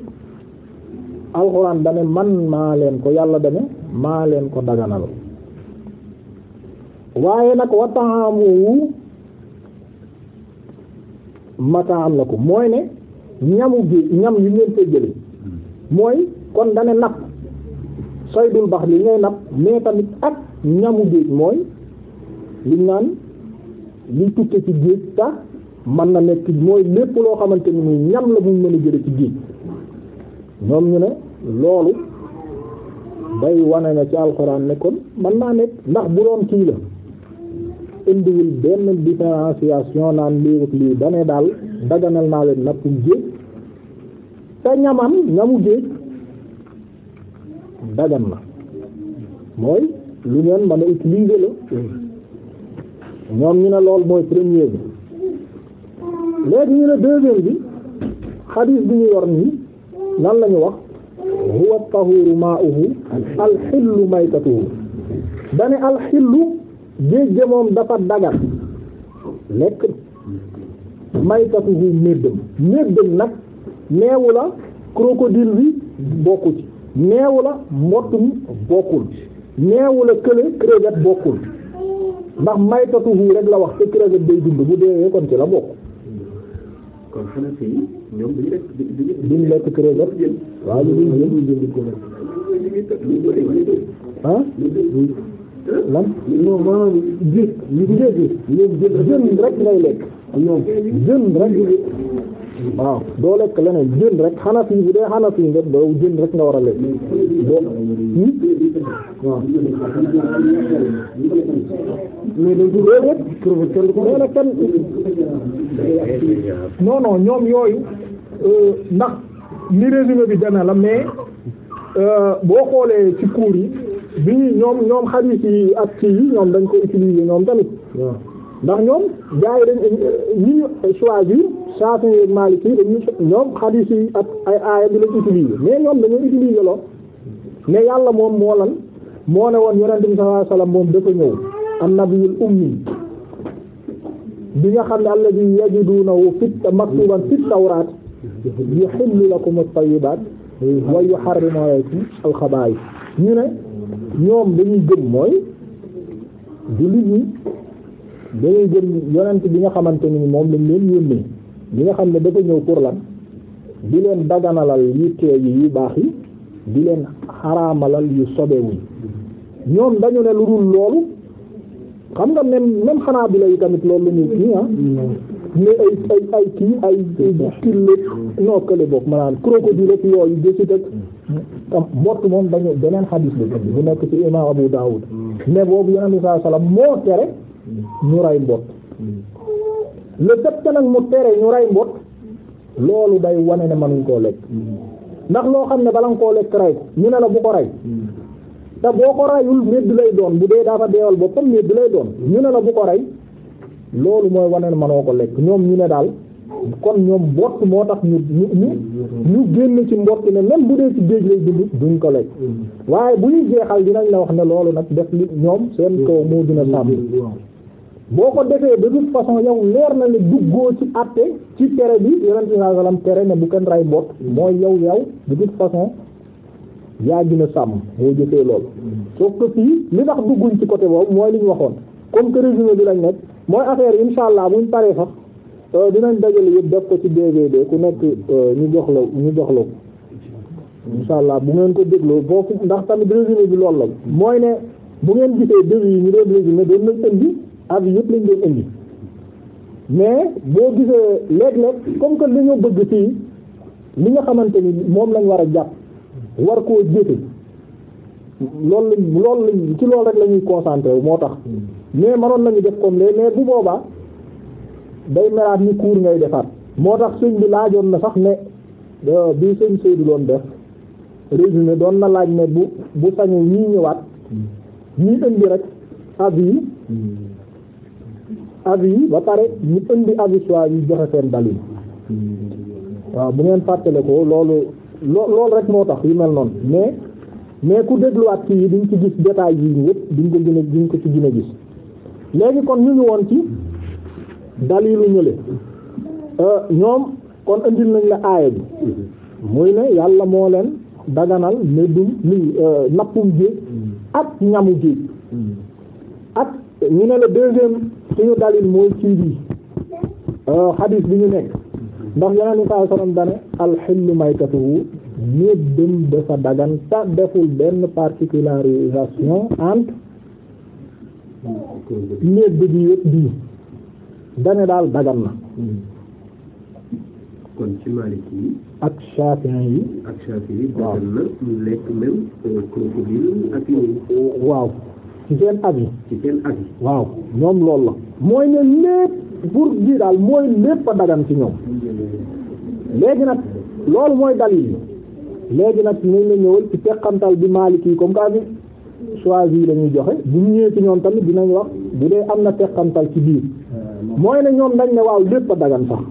alxuraan dane man maa leen ko yàlla dane maa leen ko daganal waaye nag wa ta'amuhu mata'an lakum mooy ne ñamu géej ñam yu ngeen jële mooy kon dana napp saydul bax li ngay napp mais tamit ak ñamu géej mooy li naan liy tukke ci géej tax mën na nekk mooy lépp loo xamante ni muy ñam la buñ mën a jële ci géej ñoom ñu ne loolu day wane na ci alxuraan ne kon mën naa nekk ndax bu doon kii la indiwul benn différenciation naan lii lii dane daal daganal naa leen nappum géej te ñamam ñamu géej dagan na mooy lu ngeen mën a la ñoom ñu ne lool mooy premier bi léegi ñu ne deuxième bi xadiis bi ñu yor nii lan lañu ñu wax huwa tahuuru maa'uhu alxillu maytatuhu dane alxillu géej gi moom dafa dagan lekk maytatuhu méddam méddam nag neewu la crocodile bi bokku ci neewu la mbott mi bokkul neewu la kële crevette bokkul ndax maytatuhu rek la wax te crevette day dund bu deewee kon ci la bokk kon xanaa fii ñoom duñu lekk duñu lekk crevette waaw duñu jël ah lan non maanaam jën rek ngay lekk yow rek waaw doo lekk leneen jën rek Hanafi bu dee Hanafi nga doo jën rek nga war a lekk doo waaw loolu rek kenn non non ñoom yooyu euh, ndax li résumé bi dana la mais euh, boo xoolee ci cours yi bi ñoom ñoom xadiis yi ak ci yi ñoom dañ ko utiliser ñoom tamit waaw ndax ñoom gars yi dañ ñi choisir Shafi ak Maliki yi dañu ñoom xadiis yi ak ay aaya bi lañ utiliser mais ñoom dañoo utiliser lool mais yàlla moom moo lan moo ne woon yonent bi sallallahu alayhi wasallam moom dafa ñëw an ummi bi nga xam ne alladhi yajidunahu fit maktuban fit tawraat yuhillu lakum at-tayyibaat wa yuharrimu alaykum al-khabaa'ith ñu ne ñoom dañuy gëm mooy du nit dañuy gëm yonent bi nga xamante ni moom lañ leen yónnee bi nga xam ne dafa ñëw pour lan di leen daganalal yu teey yu baax yi di leen xaraamalal yu sobewuñ ñoom dañu ne lu dul loolu xam nga même même xanaa bi lay tamit loolu la ñuy kii ah ne ay ay ay kii ay kille noo kële boog maanaam crocodile ak yooyu gësit ak tam mbott moom dañu beneen xadiis la bu nekk ci imam Abu Dawud ne mm. boobu yonent bi sallallahu moo tere ñu ray mbott le fait que nag mu tere ñu ray mbott loolu day wane ne mënuñ koo lekk ndax loo xam ne bala nga koo lekk ray ñu ne la bu ko ray te boo ko rayul medd lay doon bu dee dafa deewal boppam di lay doon ñu ne la bu ko ray loolu mooy wane ne mënoo ko lekk ñoom ñu ne daal kon ñoom mbott moo tax ñu ñu ñu ñu génn ci mbott ne même bu dee ci géej lay dund duñ ko lekk waaye bu ñuy jeexal dinañ la wax ne loolu nag def ñoom seen kaw moo gën a sàmm boo ko defee de toute façon yow leer na ne duggoo ci àtte ci tere bi yonent sallallahu alayhi wasallam tere ne bu kenn ray bot mooy yow yow de toute façon yaa gën a sàmm boo jëfee lool sauf que fii li tax dugguñ ci côté boobu mooy li ñu waxoon comme que résumé bi lañ nekk mooy affaire yi insha allah buñ paree sax euh, dinañ dajale yëpp def ko ci DVD ku nekk euh, ñu jox la ñu jox la ko insha allah bu ngeen ko dégloo boo ndax tamit résumé bi loolu la mooy ne bu ngeen gisee début yi ñu doon résumé doon nañ indi avis yëpp lañ doon indi mais boo gisee léeg-léeg comme que dañoo bëgg ci li nga xamante ni moom lañ war a jàpp war koo jëfe loolu lañ loolu lañ ci loolu rek la ñuy concentré moo tax mais manoon nañu def comme léegi mais bu boobaa day meraat ni cours ngay defaat moo tax sëñ bi laajoon na sax ne euh, bi sëñ Seydou doon def résumé doon na laaj ne bu bu sañu ñii ñëwaat ñii indi rek avis yi avis yi ba pare ñu indi avis waa ñu joxe seen dalil waaw bu ngeen fàttale ko loolu loo loolu rek moo tax yu mel noonu mais mais ku dégluwaat kii yi diñ ci gis détails yi yëpp diñ ko gën a diñ ko ci gën a gis léegi kon ñu ngi woon ci dalilu ñële euh, ñoom kon indil nañ la aaya bi muy ne yàlla moo leen daganal meddum ni euh, nappum géej ak ñamu géej ñu ne la deuxième suñu dalil mooy ci bi euh, xadiis bi ñu nekk ndax yeneen i saa sonam dane alxillu maytatuhu ñébbam dafa dagan ta deful benn particularisation entre ñébb bi yëpp bii dane daal dagan na kon ci Maliki ak Shafi'i yi ak Shafi'i yi euh, waaw ci seen at yi ci seen at yi waaw ñoom loolu la mooy ne lépp pour gi daal mooy lépp a dagan ci ñoom léegi nag loolu mooy dalil yi léegi nag ñu la ñëwal ci teqantal bi maalik yi comme kaa bi choisi la ñuy joxe bu ñu ñëwee ci ñoom tamit dinañ wax bu dee am na teqantal ci biir mooy ne ñoom nañ ne waaw lépp a dagan sax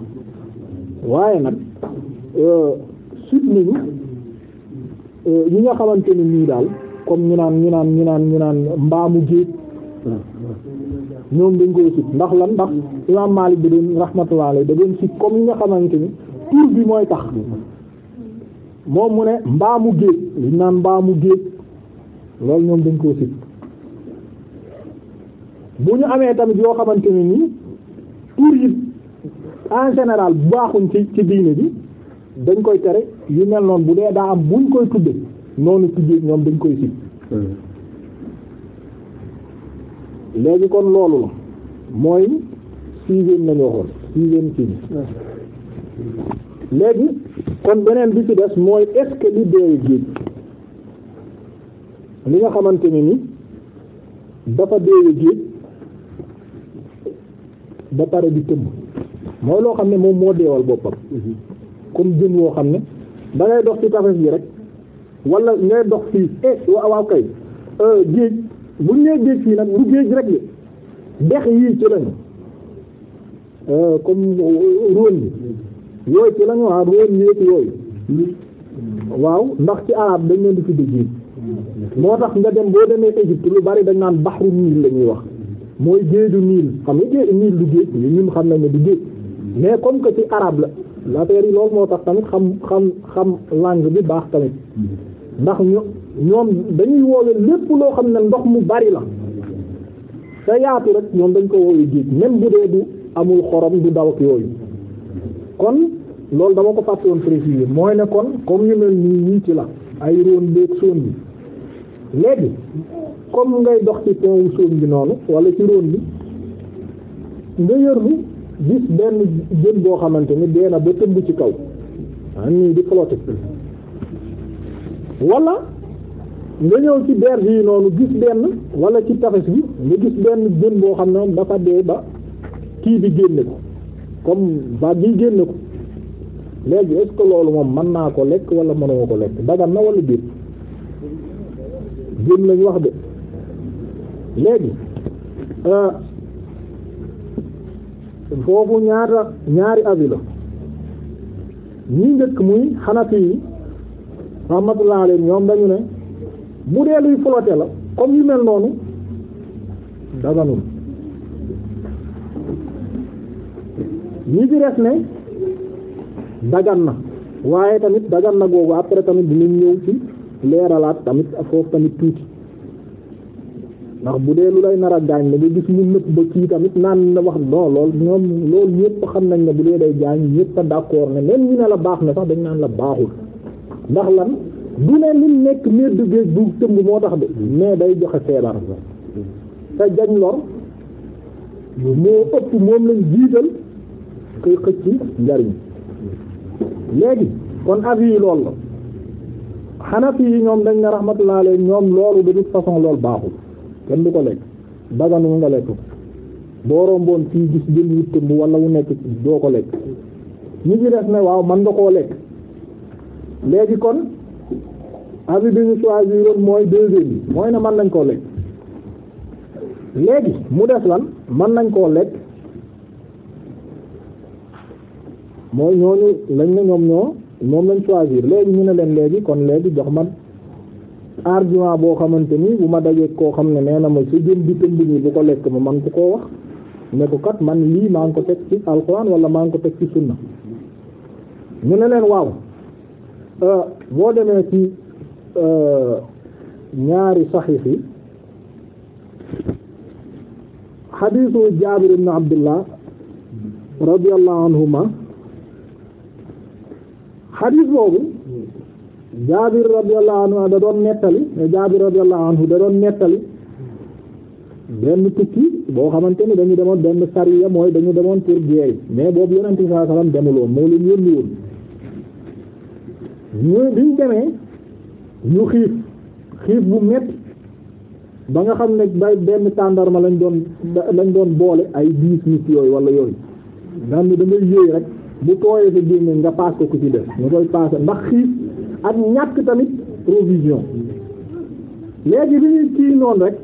waaye nag euh, sut nañu euh, ñi nga xamante ni nii daal comme ñu naan ñu naan ñu naan ñu naan mbaamu géej ñoom dañ koy sit ndax lan ndax imam Malik bi doon rahmatullah da doon sit comme ñi nga xamante ni tur bi mooy tax moom mu ne mbaamu géej liñ naan mbaamu géej loolu ñoom dañ koo sit bu ñu amee tamit yoo xamante ne nii tur yi en général baaxuñ ci ci diine bi dañ koy tere yu mel noonu bu dee daa am buñ koy tudde noonu ci géej ñoom dañ koy si léegi kon loolu la mooy sixième nañu waxoon sixième ci bi léegi kon beneen bi ci des mooy est-ce que li dee li nga xamante ni ni dafa dee géej ba pare di tëmb mooy loo xam ne moom moo deewal boppam mm-hmm. comme jën woo xam ne dangay dox ci tafes bi rek wala ngay dox fii eh wa waaw kay euh, géej bu ñu nee géej fii nag du géej rek de dex yii ci lañu euh, comme róon yi yooyu ci lañu waa ah, róon yooyu waaw ndax ci arab dañ leen di tudde géej moo tax nga dem boo demee Égypte lu bari dañ naan baxru niil la ñuy wax mooy géeju niil xam nga géeju niil du géej ñun xam nañ ne du géej mais comme que ci arab la l'affaire yi loolu moo tax tamit xam xam xam langue bi baax tamit ndax ñu ñoom dañuy woowe lépp loo xam ne ndox mu bari la te yaatu rek ñoom dañ ko woowe géej même bu dee du amul xorom du daw ak yooyu kon loolu dama ko fàtte woon préciser mooy ne kon comme ñu mel nii ñii ci la ay róon béeg sóon bi léegi comme ngay dox ci ponwu sóon bi noonu wala ci róon bi nga yërlu gis benn jën boo xamante ni dee na ba tëmb ci kaw am nii di flotte wala nga ñëw ci berge yi noonu gis benn wala ci tafes gi nga gis benn jën boo xam ne dafa dee ba kii bi génne ko comme vague yi génne ko léegi est-ce loolu moom mën naa ko lekk wala mënoo ko lekk dagan na wala déet jën lañ wax de léegi euh, foofu ñaata ñaari avis la ñi njëkk muy Hanafi yi rahmatullah alayhi ñoom dañu ne bu dee luy flotter la comme yu mel noonu daganul ñi ci res ne dagan na waaye tamit dagan na googu après tamit dinañ ñëw ci leeralaat tamit foofu tamit tuuti ndax bu dee lu lay nar a gaañ la nga gis mu nëpp ba kii tamit naan na wax non lool ñoom loolu ñépp xam nañ ne bu dee day gaañ yëpp a d'accord ne même ñu ne la baax na sax dañ naan la baaxul ndax lan du ne lim nekk meddu géej bu tëmb moo tax de mais day joxe feebar te jañ lor moo ëpp moom lañ jiital koy xëcc njariñ léegi kon avis yi loolu la xanafi yi ñoom dañ ne rahmatullah alayhi ñoom loolu de toute façon loolu baaxul kenn du ko lekk baganu nga lekk boo romboon fii gis jël wut tëmb wala wu nekk doo ko lekk ñi ci des waaw man nga koo lekk léegi kon avis bi ñu choisiroon mooy deuxième bi mooy na man nañ koo lekk léegi mu des lan man nañ koo lekk mooy ñooñu lañ na ñoom ñoo moom lañ choisir léegi ñu ne leen léegi kon léegi jox ma argument boo xamante ni bu ma dajee koo xam ne nee na ma su jën bi tëmb bu ko lekk ma man ko koo wax ne ko kat man lii maa ngi ko teg ci alxuraan wala maa ngi ko teg ci sunna ñu ne leen waaw Euh, boo demee ci euh, ñaari saxiix yi xadiisu Jaabir ibn Abdullah radiyallahu anhuma xadiis boobu Jaabir radiyallahu anhu da doon nettali mais Jaabir radiyallahu anhu da doon nettali benn tukki boo xamante ni dañu demoon benn sariya mooy dañu demoon pour jeey mais boobu yonent bi sallallahu alayhi wasallam demuloon moo leen yónni ñooy biñ demee ñu xiif xiif bu metti ba nga xam ne bay benn tàndarma lañ doon lañ doon boole ay dix nit yooyu wala yooyu naan ni da ngay yëy rek bu tooyee sa génne nga paas ko ku ci def ñu koy paase ndax xiif ak ñàkk tamit provision léegi bi ñuy kii noonu rek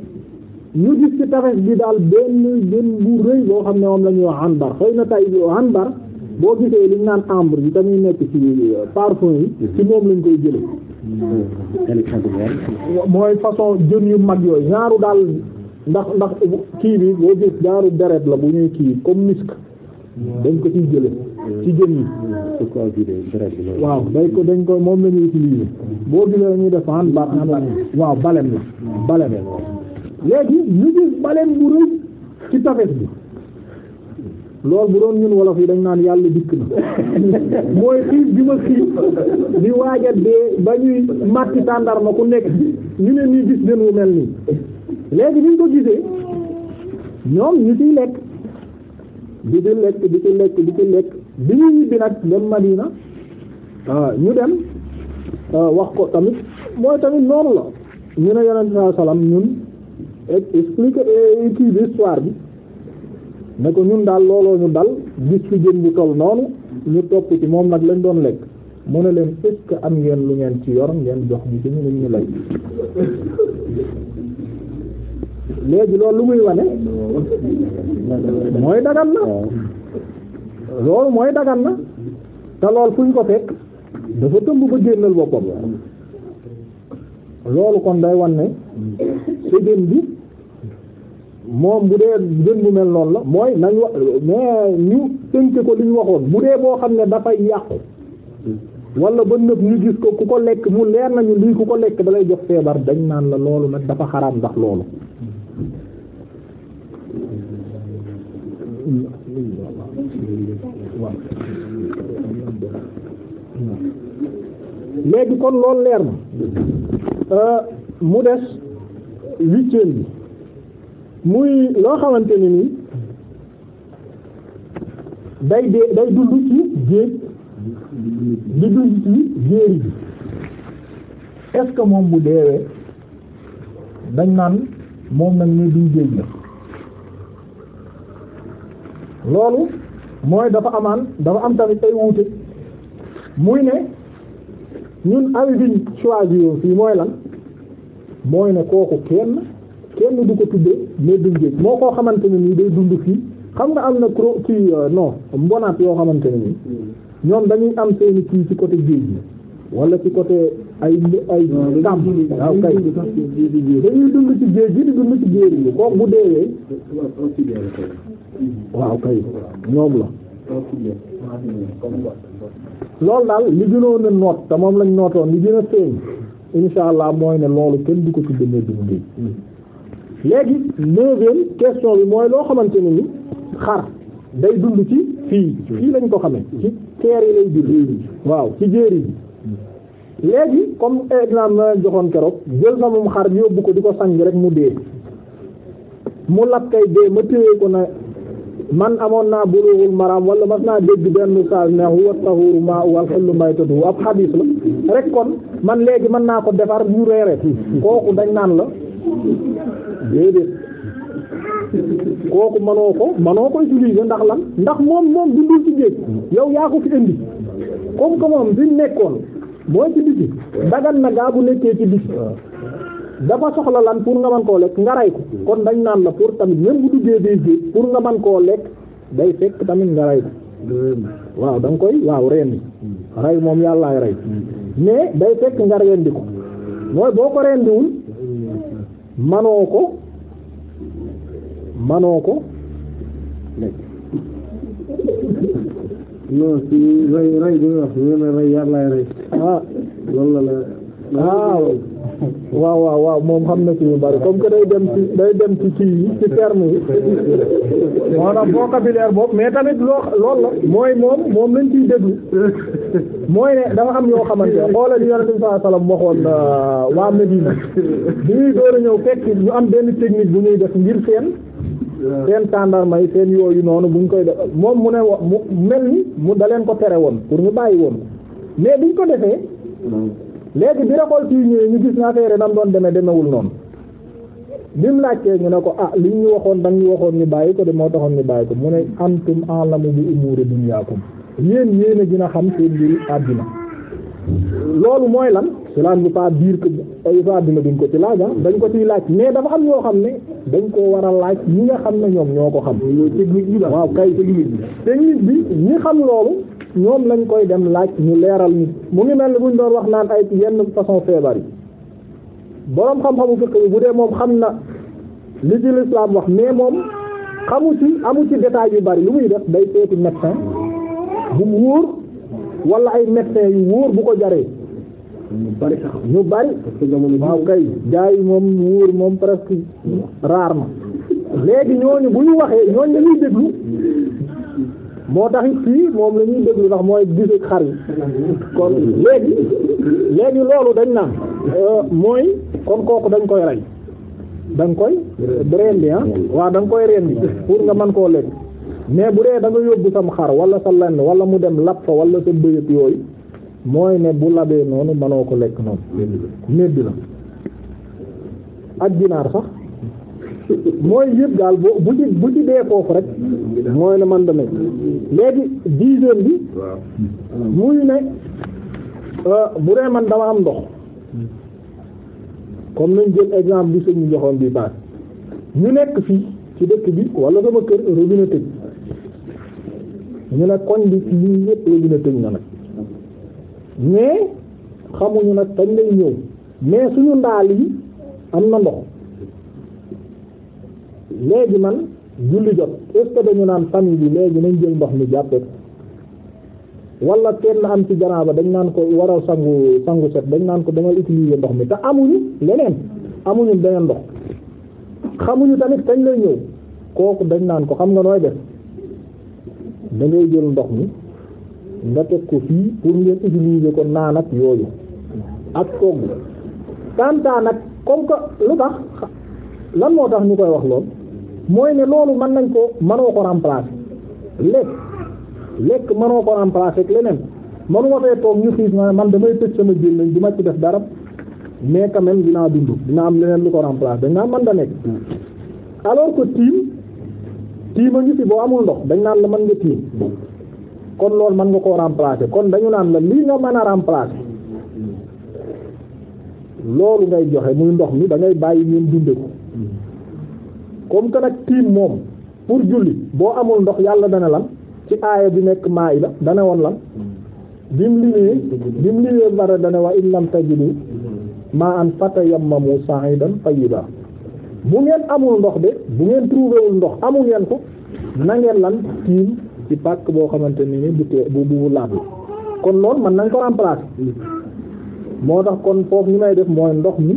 ñu gis ci tafes bi daal benn benn bu rëy boo xam ne moom la ñuy wax anbar xëy na tay anbar boo gisee li naan ambre yi dañuy nekk ci euh, parfum yi mhm. ci moom lañ koy jële mhm. mooy façon jën yu mag yooyu ñaaru daal ndax ndax kii bi boo gis jaaru deret la bu ñuy kii comme misk mhm. dañ ko ciy jële ci jën yi waaw day ko dañ ko moom la ñuy boo gisee dañuy def an ba waaw balem la léegi ñu gis balem bu rëy ci tafes bi lool bu doon ñun wolof yi dañ naan yàlla dikk na mooy xiif bi ma xiif di waaja dee ba ñuy màtti tàndarma ku nekk ñu ne nii gis den wu mel nii léegi ñu ko gisee ñoom ñu ciy lekk di ci lekk di ci lekk di ci lekk bi ñu ñibbi nag dem Madina ah, ñu dem ah, wax ko tamit mooy tamit noonu la ñu ne yonent sallam ñun expliquer eh, kii histoire bi ne ko ñun daal looloo ñu dal gis fi jën bu toll noonu ñu topp ci moom nag lañ doon lekk mu ne leen est-ce que am ngeen lu ngeen ci yor ngeen jox ñu ci ñu ñu lay léegi loolu lu muy wane mooy dagan na loolu mooy dagan na te lool fuñ ko fekk dafa tëmb ba génnal boppam loolu kon day wan ne sëgën bi moom bu dee gën bu mel noonu la mooy nañ wax mais ñu tënk ko li ñu waxoon bu dee boo xam ne dafay yàqu wala ba nëb ñu gis ko ku ko lekk mu leer nañu lii ko lekk da lay jox feebar dañ naan la loolu nag dafa xaraam ndax loolu léegi kon loolu leer na euh, mu des huitième bi muy loo xamante ne ni day dee day dund ci géej di dund ci jéeri bi est-ce que moom bu deewee dañ naan moom nag ne duñ géej la loolu mooy dafa amaan dafa am tamit ay wuute muy ne ñun avis biñ choisir fii mooy lan mooy ne kooku kenn kenn du ko tuddee mais dundee moo koo xamante ne nii day dund fii xam nga am na cro kii euh, non mbonaat yoo xamante ne nii ñoom dañuy am seeni kii ci côté géej gi wala ci côté ay ay tam waaw kay dañuy dund ci géej gi di dund ci géej gi bu deewee waaw kay ñoom la loolu daal li gënoon a noot te moom lañ nootoon li gën a insha allah mooy ne loolu kenn du ko tuddee mais dundee léegi neuvième question bi mooy loo xamante ne ni xar day dund ci fii fii lañ ko xamee ci teer yi lay dund waaw ci jéeri yi léegi comme exemple na joxoon keroog jël sa moom xar yóbbu ko di ko sang rek mu dee mu lab kay dee ma téye ko na man amoon naa bulughul maram wala mas naa dégg benn saal ne huwa tahuru ma wal xillu maytatu ab xadiis la rek kon man léegi mën naa ko defar mu reere kooku dañ naan la déedéet kooku manoo ko manoo ko utiliser ndax lan ndax moom moom dundul ci géej yow yaa ko fi indi comme que moom bi nekkoon mooy ci biti dagan na gaa bu nekkee ci biti dafa soxla lan pour nga mën koo lekk nga rey ko kon dañ naan la pour tamit même bu duggee day géej pour nga mën koo lekk day fekk tamit nga rey ko waaw da nga koy waaw rendi rey moom yàlla rey mais day fekk nga rendi ko mooy boo ko rendiwul manoo ko manoo ko lekk waaw waaw waaw moom xam na ci ñu bari comme day dem ci day dem ci ci ci terme bi maanaam vocabulaire boobu mais tamit loo loolu la mooy moom moom lañ ciy déglu mooy ne dafa xam yoo xamante a xoolal li yonent bi sallallahu alayhi wasallam waxoon euh, waa Médine bi ñuy door a ñëw fekk ñu am benn technique bu ñuy def ngir seen seen tàndarma yi seen yooyu noonu buñ koy def moom mu ne wax mu mel ni mu da leen ko tere woon pour ñu bàyyi woon mais biñ ko defee léegi bi récolte yi ñëwee ñu gis na affaire nam doon demee demewul noonu bi mu laajtee ñu ne ko ah li ñu waxoon da ñu waxoon ñu bàyyi ko de moo taxoon ñu bàyyi ko mu ne antum alamu bi umuri dunyaakum yéen yéen a gën a xam seen mbiri àddina loolu mooy lan cela ne veut pas dire que aysa dina duñ ko ci laaj ah, dañ ko ci laaj mais dafa am yoo xam ne dañ koo war a laaj ñi nga xam ne ñoom ñoo ko xam technique ñu waaw kay technique bi technique bi xam loolu ñoom lañ koy dem laaj ñu leeral ñu mu ngi mel ni buñ doon wax naan ay yenn façon feebar yi boroom xam-xamu fekk bi bu dee moom xam na li ci l'islam wax mais moom xamu ci amu ci détail yu bari lu muy def day seeti médecin bu mu wóor wala ay médecin yu wóor bu ko jaree ñu bari sax ñu bari waaw kay jaay moom wóor moom presque raar na léegi ñooñu bu ñu waxee ñooñu lañuy déglu moo tax it fii moom la ñuy déglu ndax mooy gisu xar yi kon léegi léegi loolu dañ naan euh, mooy kon kooku dañ koy rey da nga koy rendi ah. waaw da nga koy rendi pour nga mën koo lekk mais bu dee da nga yóbbu sam xar wala sa lenn wala mu dem lab fa wala sa bëyët yooyu mooy ne bu labee noonu manoo ko lekk noonu médd la ak ginaar sax mooy yëpp daal bu bu ci bu ci dee foofu rek mooy ne man damay léegi dix heures bi muy ne euh, bu dee man dama am ndox comme nañ jël exemple bi suñu joxoon bi baax ñu nekk fii ci dëkk bi wala sama kër robinet tëj ñu ne koñ bi ñun ñëpp la ñu ne tëj na nag mais xamuñu nag kañ lay ñëw mais suñu ndaal yi am na ndox léegi man julli jot est-ce que dañu naan famille bi léegi nañ jël ndox mi jàppee wala kenn am ci janaaba dañ naan ko waral sangu sangu set dañ naan ko damal utiliser ndox mi te amuñu leneen amuñu beneen ndox xamuñu tamit kañ lay ñëw kooku dañ naan ko xam nga nooy def da ngay jël ndox mi nga teg ko fii pour ngeen utiliser ko naan ak yooyu ak togg tàntaa nag comme que lu tax lan moo tax ñu koy wax lool mooy ne loolu mën nañ ko mënoo ko remplacer lekk lekk mënoo ko remplacer ak leneen mënuma fee toog ñu xiis ma man damay tëj sama jël nañ di ma ci def dara mais quand même dinaa dund dina am leneen lu ko remplacer danga man da nekk hmm. alors que tiim tiima ngi fi boo amul ndox dañ naan la man nga tiim kon loolu mën nga koo remplacer kon dañu naan la lii nga man a remplacer loolu ngay joxe muy ndox mi dangay bàyyi ñun dunde ko comme que nag tiim moom pour julli boo amul ndox yàlla dana lan ci aaya bi nekk maay la dana woon lan bim liwee bim liwee bara dana wa in lam tajidu ma an fatayammamu sa'idan tayyiban bu ngeen amul ndox de bu ngeen trouvé ndox amu ngeen ko na ngeen lan tiim ci pàkk boo xamante ni ni bu tee bu bu laab kon lool man nañ ko remplacer moo tax kon foofu ni may def mooy ndox mi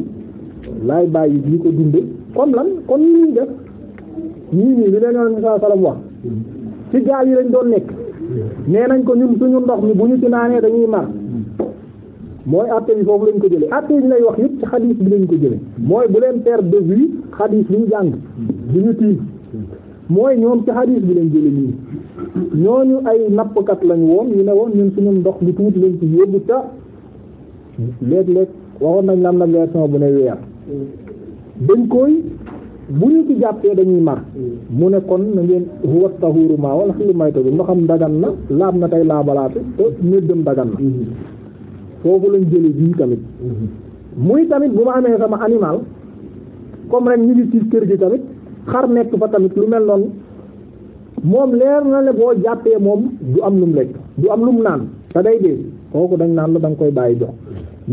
laay bàyyi di ko dunde comme lan kon ñuy def ñii nii li leen Yonent saa salaam wax ci gaal yi lañ doon nekk nee nañ ko ñun suñu ndox mi bu ñu ci naanee dañuy mar mooy atte yi foofu lañ ko jëlee atte yi lay wax yëpp ci xadiis bi lañ ko jëlee mooy bu leen perdre de vue xadiis bi ñu jàng bi ñu tiim mooy ñoom ci xadiis bi lañ jëlee nii ñooñu ay nappkat lañ woon ñu ne woon ñun suñu ndox bi tuuti lañ ci yóbbu ta léeg-léeg waxoon nañ la am na version bu ne weer dañ koy bu ñu ci jàppee dañuy mar mu ne kon na ngeen huwa tahuru ma wala xili mayta bi ndoxam dagan na laab na tey laabalaate te dem dagan na foofu lañ jële bii tamit muy tamit bu ma amee sama animal comme rek ñu ngi ci kër gi tamit xar nekk fa tamit lu mel noonu moom leer na le boo jàppee moom du am lum lekk du am lu mu naan te day dee kooku dañ naan la da koy bàyyi jox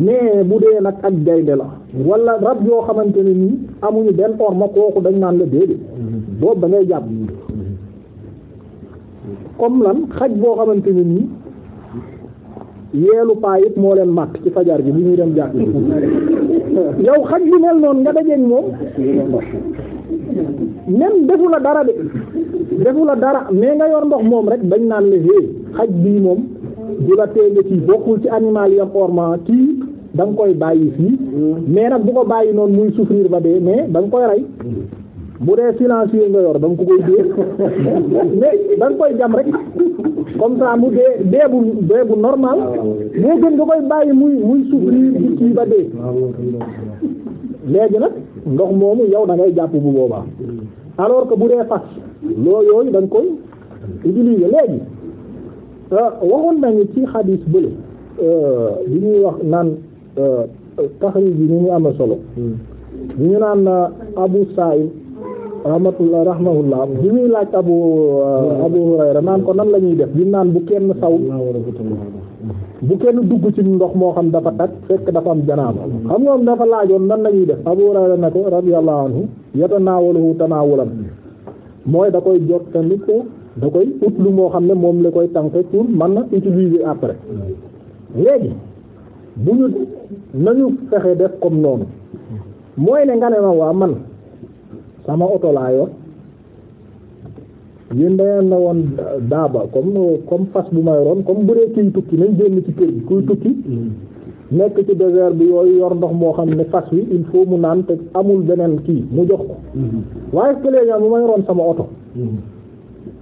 mais bu dee nag ak gaynde la wala rab yoo xamante ne nii amuñu benn ma kooku dañ naan la déedéet boobu da ngay jàpp comme lan xaj boo xamante ne nii yeelu paa yëpp moo leen matt ci fajar gi bi ñuy dem jàkk yow xaj bi mel noonu nga dajeeg moom même defu la dara de defu la dara mais nga yor ndox moom rek dañ naan le é xaj bii moom du la tee nga ci bokkul ci animal yam orman kii da nga koy bàyyi fii mm. mais nag bu ko bàyyi noonu muy souffrir ba dee mais da nga koy rey bu dee silencieux nga yor da nga ko koy dee mais da nga koy jam rek comme ça mu dee dee bu dee bu normal moo gën nga koy bàyyi muy muy souffrir di kii ba dee léegi nag ndox moomu yow da ngay jàpp bu boobaa alors que bu dee fas loo yooyu da nga koy utiliser léegi euh, waxoon nañu ci xadis bële euh, bi ñuy wax naan euh, taxaw bi ni ñu amee solo hmm. ñu naan Abu Sa'id rahmatullah rahmatullah bi muy laaj abu uh, abu hurayra naan ko nan la ñuy def bi naan bu kenn saw bu kenn dugg ci ndox moo xam dafa tag fekk dafa am janaaba xam nga dafa laajoon nan la ñuy def abu hurayra ne ko radiyallahu anhu yatanaawaluhu tanaawulan mooy da koy jot tamit ko da koy ut lu moo xam ne moom la koy tànk pour man na utiliser après léegi bu ñu nañu fexe def comme noonu mooy ne nga ne ma waa man sama oto laa yor yéen dangeen na woon daaba comme comme fas bu ma yoroon comme bu dee tukki nañ génn ci kër gi kuy tukki mm. nekk ci désert bi yooyu yor ndox moo xam ne fas wi il faut mu naan te amul beneen kii mu jox ko mm-hmm. waaye léegi bu ma yoroon sama oto mm-hmm.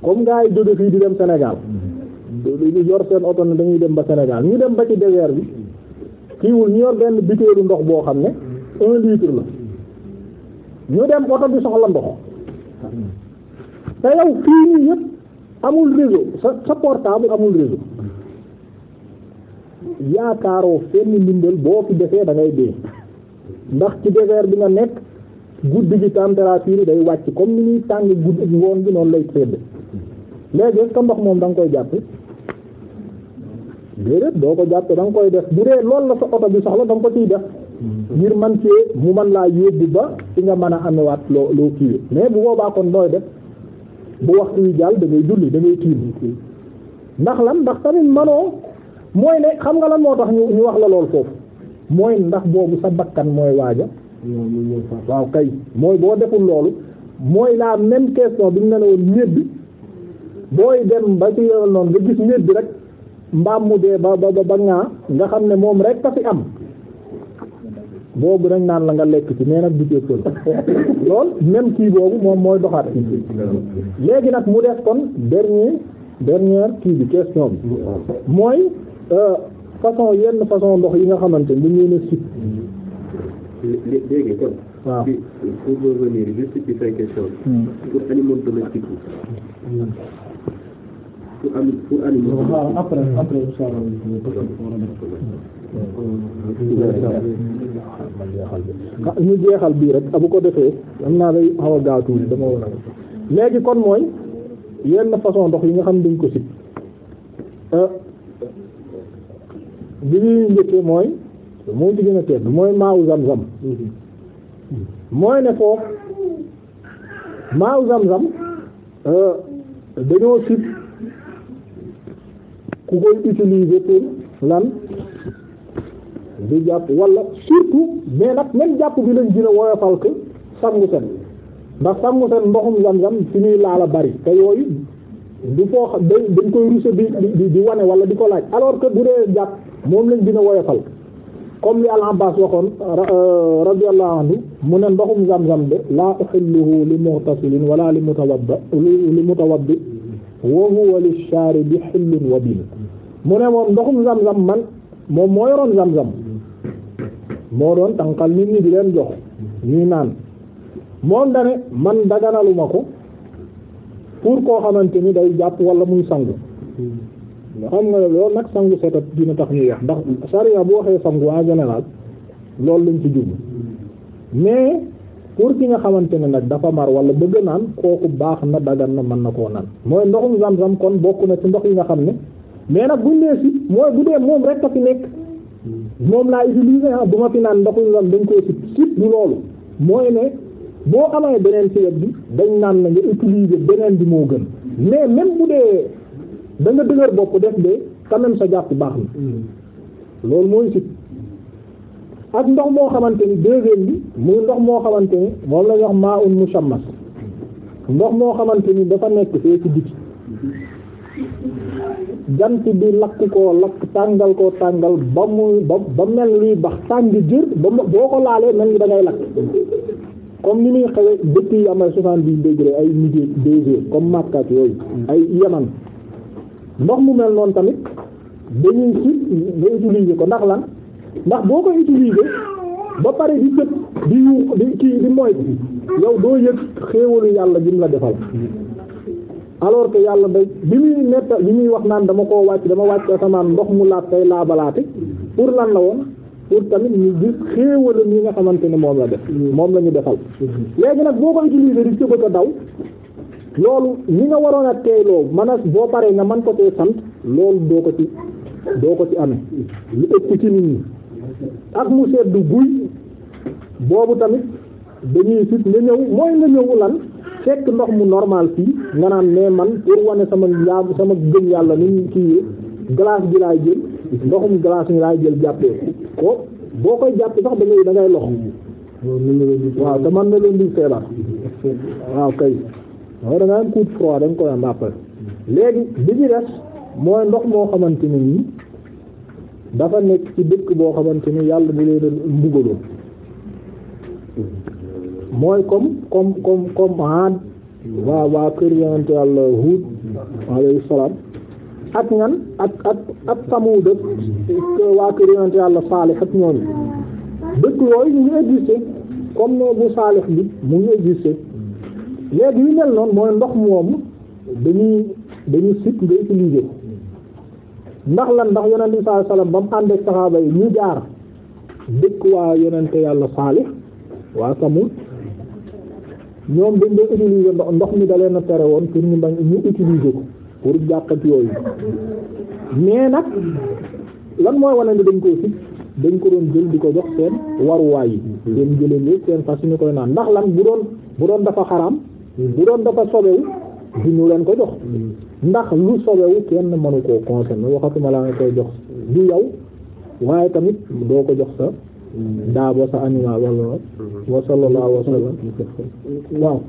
comme nga yi jóge fii di dem Sénégal mm-hmm. yor seen oto na dañuy dem ba Sénégal ñu dem ba ci désert bi kiiwul ñu yor benn bitéelu ndox boo xam ne un litre la ñu dem oto bi soxla ndox te yow fii nii yëpp amul réseau sa sa portable amul réseau yaakaaroo fenn ndimbal boo fi defee da ngay dee ndax ci désert bi nga nekk guddi gi température yi day wàcc comme ni ñuy tàng guddi ngoon bi noonu lay sedd léegi est ndox moom danga koy jàpp déedéet doo ko jàppee da nga koy def bu dee loolu la sa oto bi soxla da nga ko ciy def Mm-hmm. ngir man cee mu man laa yóbbu ba fi nga mën a amewaat loo loo kiiwee mais bu boobaa kon mooy def bu wax wi jàll da ngay julli da ngay tiim ndax lan ndax tamit manoo mooy ne xam nga lan moo tax ñu ñu wax la lool foofu mooy ndax boobu sa bakkan mooy waaja waaw kay mooy boo deful loolu mooy la même question bi ñu ne woon ñéet bi booy dem ba ci yoon noonu nga gis ñéet bi rek mbaam mu dee ba ba ba ŋaa nga xam ne moom rek ka fi am boobu dañ naan la nga lekk ci mais nag du ci lool même kii boobu moom mooy doxaat léegi nag mu des kon dernier dernière kii bi question bi mooy euh, façon yenn façon ndox yi nga xamante ni ñu ne sip léegi kon waaw ñu jeexal bii rek bu ko defee am naa day xaw a gaatu dama war a léegi kon mooy yenn façon ndox yi nga xam dañ ko sib bi euh, ñuy njëkkee mooy moo ci gën a mooy maaw zam-zam mooy ne foofu maaw zam-zam euh, dañoo sib ku koy utiliser pour lan du jàpp wala surtout mais nag même jàpp bi lañ gën a woyofal que sangu set ndax sangu set ndoxum zam-zam fi ñuy laal a bari te yooyu du foo xam day dañ koy ruuse di di wane wala di ko laaj aloor que bu dee jàpp moom lañ dina a woyofal comme li al-Abbas waxoon euh, radiyallahu anhu mu ne ndoxum zam-zam de la uhilluhu li mughtasilin wala li mutawadda li mutawaddi wa huwa li sharibi hillun wa bin mu ne moom ndoxum zam-zam man moom moo yoroon zam-zam moo doon tanqal nit ñi di leen jox ñuy naan moom dane man daganaluma ko pour koo xamante ni day jàpp wala muy sangu hmm. xam nga loolu nag sangu setat dina tax ñu yeex ndax sariya bu waxee sangu en général loolu lañ ci jublu hmm. mais pour ki nga xamante ni nag dafa mar wala bëgg naan kooku baax na dagan na mën na koo naan mooy ndoxum zam-zam kon bokk na ci ndox yi nga xam ne mais nag bu nee si mooy bu dee moom rek a fi nekk moom laa utiliser ah bu ma fi naan ndoxu lan dañ koy sip sip du loolu mooy ne boo amee beneen ci wet bi dañ naan na nga utiliser beneen bi moo gën mais même bu dee da nga dëgër bopp def de quand même sa jàpp baax na hmm. loolu mooy sip ak ndox moo xamante ni deuxième bi muy ndox moo xamante ni moom la ñuy wax maa un musammas ndox moo xamante ni dafa nekk fee ci biti jant bi lakk ko lakk tàngal koo tàngal ba muy ba ba mel ni bax tàng jër ba boo ko laalee mel ni da ngay lakk comme ni muy xewee dëkk yi amay bi dix ay midi deux comme Makka yooyu ay Yaman ndox mu mel noonu tamit dañuy ci nga utiliser ko ndax lan ndax boo ko utiliser ba pare di tëb di di kii di moytu yow doo yëg xéewalu yàlla jim la defal alors que yàlla day bi ñuy netta bi muy wax naan dama koo wàcc dama wàcc asamaan ndox mu laat tay laabalaate pour lan la woon pour tamit ñu gis xéewalam yi nga xamante ne moom la def moom la ñu defal léegi nag boo ko utiliser di sëbëta daw loolu ñi nga waroon a teeyloo man a boo paree nga man ko tee sant loolu doo ko ci doo ko ci amee lu ëpp ci nit ñi ak mu seddu guy boobu tamit dañuy sit nga ñëw mooy nga ñëw lan fekk ndox mu normal fii nga naan mais man pour wane sama yaa sama gëm yàlla ni kii glace bi laay jël ndoxum glace mi laay jël jàppee ko boo koy jàpp sax ba ngay da ngay man na leen di feebar waaw kay waaw da nga am da nga mooy ndox moo xamante ne nii dafa nekk ci dëkk boo xamante ni yàlla bu leen mbugaloon mooy comme comme comme comme Aad waa waa kër yonent Yàlla Huud alayhi ak ñan ak ak ak Samuud waa kër yonent Yàlla Saalih ak ñooñu dëkk yooyu ñu ngi existé comme bu Saalih bi mu ngi existé léegi yu mel noonu mooy ndox moomu dañuy dañu sit nga utiliser ndax lan ndax yonent bi sallallahu ba mu ànd ak saxaaba yi ñu jaar dëkk waa yonent Yàlla Saalih waa Samuud ñoom dañ doon utiliser ndox ndox mi da leen a tere woon pour ñu bañ ñu utiliser ko pour jàq ak yooyu mais nag lan mooy wane ne dañ koy si dañ ko doon jël di ko jox seen waruwaay yi seen jëlee seen fas ñu koy naan ndax lan bu doon bu doon dafa xaraam bu doon dafa sobewu du ñu leen ko jox ndax lu sobewu kenn mënu koo consommer waxatuma laa nga koy jox di yow waaye tamit doo ko jox sa daa ba sa animal wala mhm. wa sallallahu waaw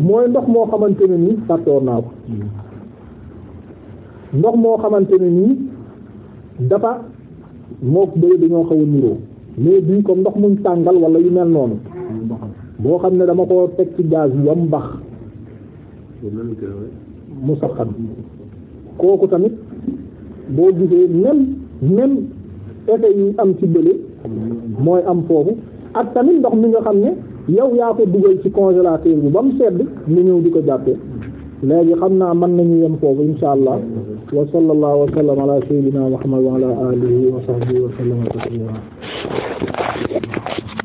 mooy ndox moo xamante ne nii fàttewoon naa ko mhm. ndox moo xamante ne nii dafa mook bëri dañoo xaw a niroo mais bii comme ndox muñ tàngal wala yu mel noonu boo xam ne dama ko teg ci gaz bi ba mu bax mu saxan kooku tamit boo gisee même même effet yi am ci bële mooy am foofu ak tamit ndox mi nga xam ne yow yaa ko dugal ci congélateur bi ba mu sedd mu ñëw di ko jàppee léegi xam naa mën nañu yem foofu insha allah wa sallallahu wa sallam ala sayyidina muhammad wa ala alihi wa sahbihi wa sallam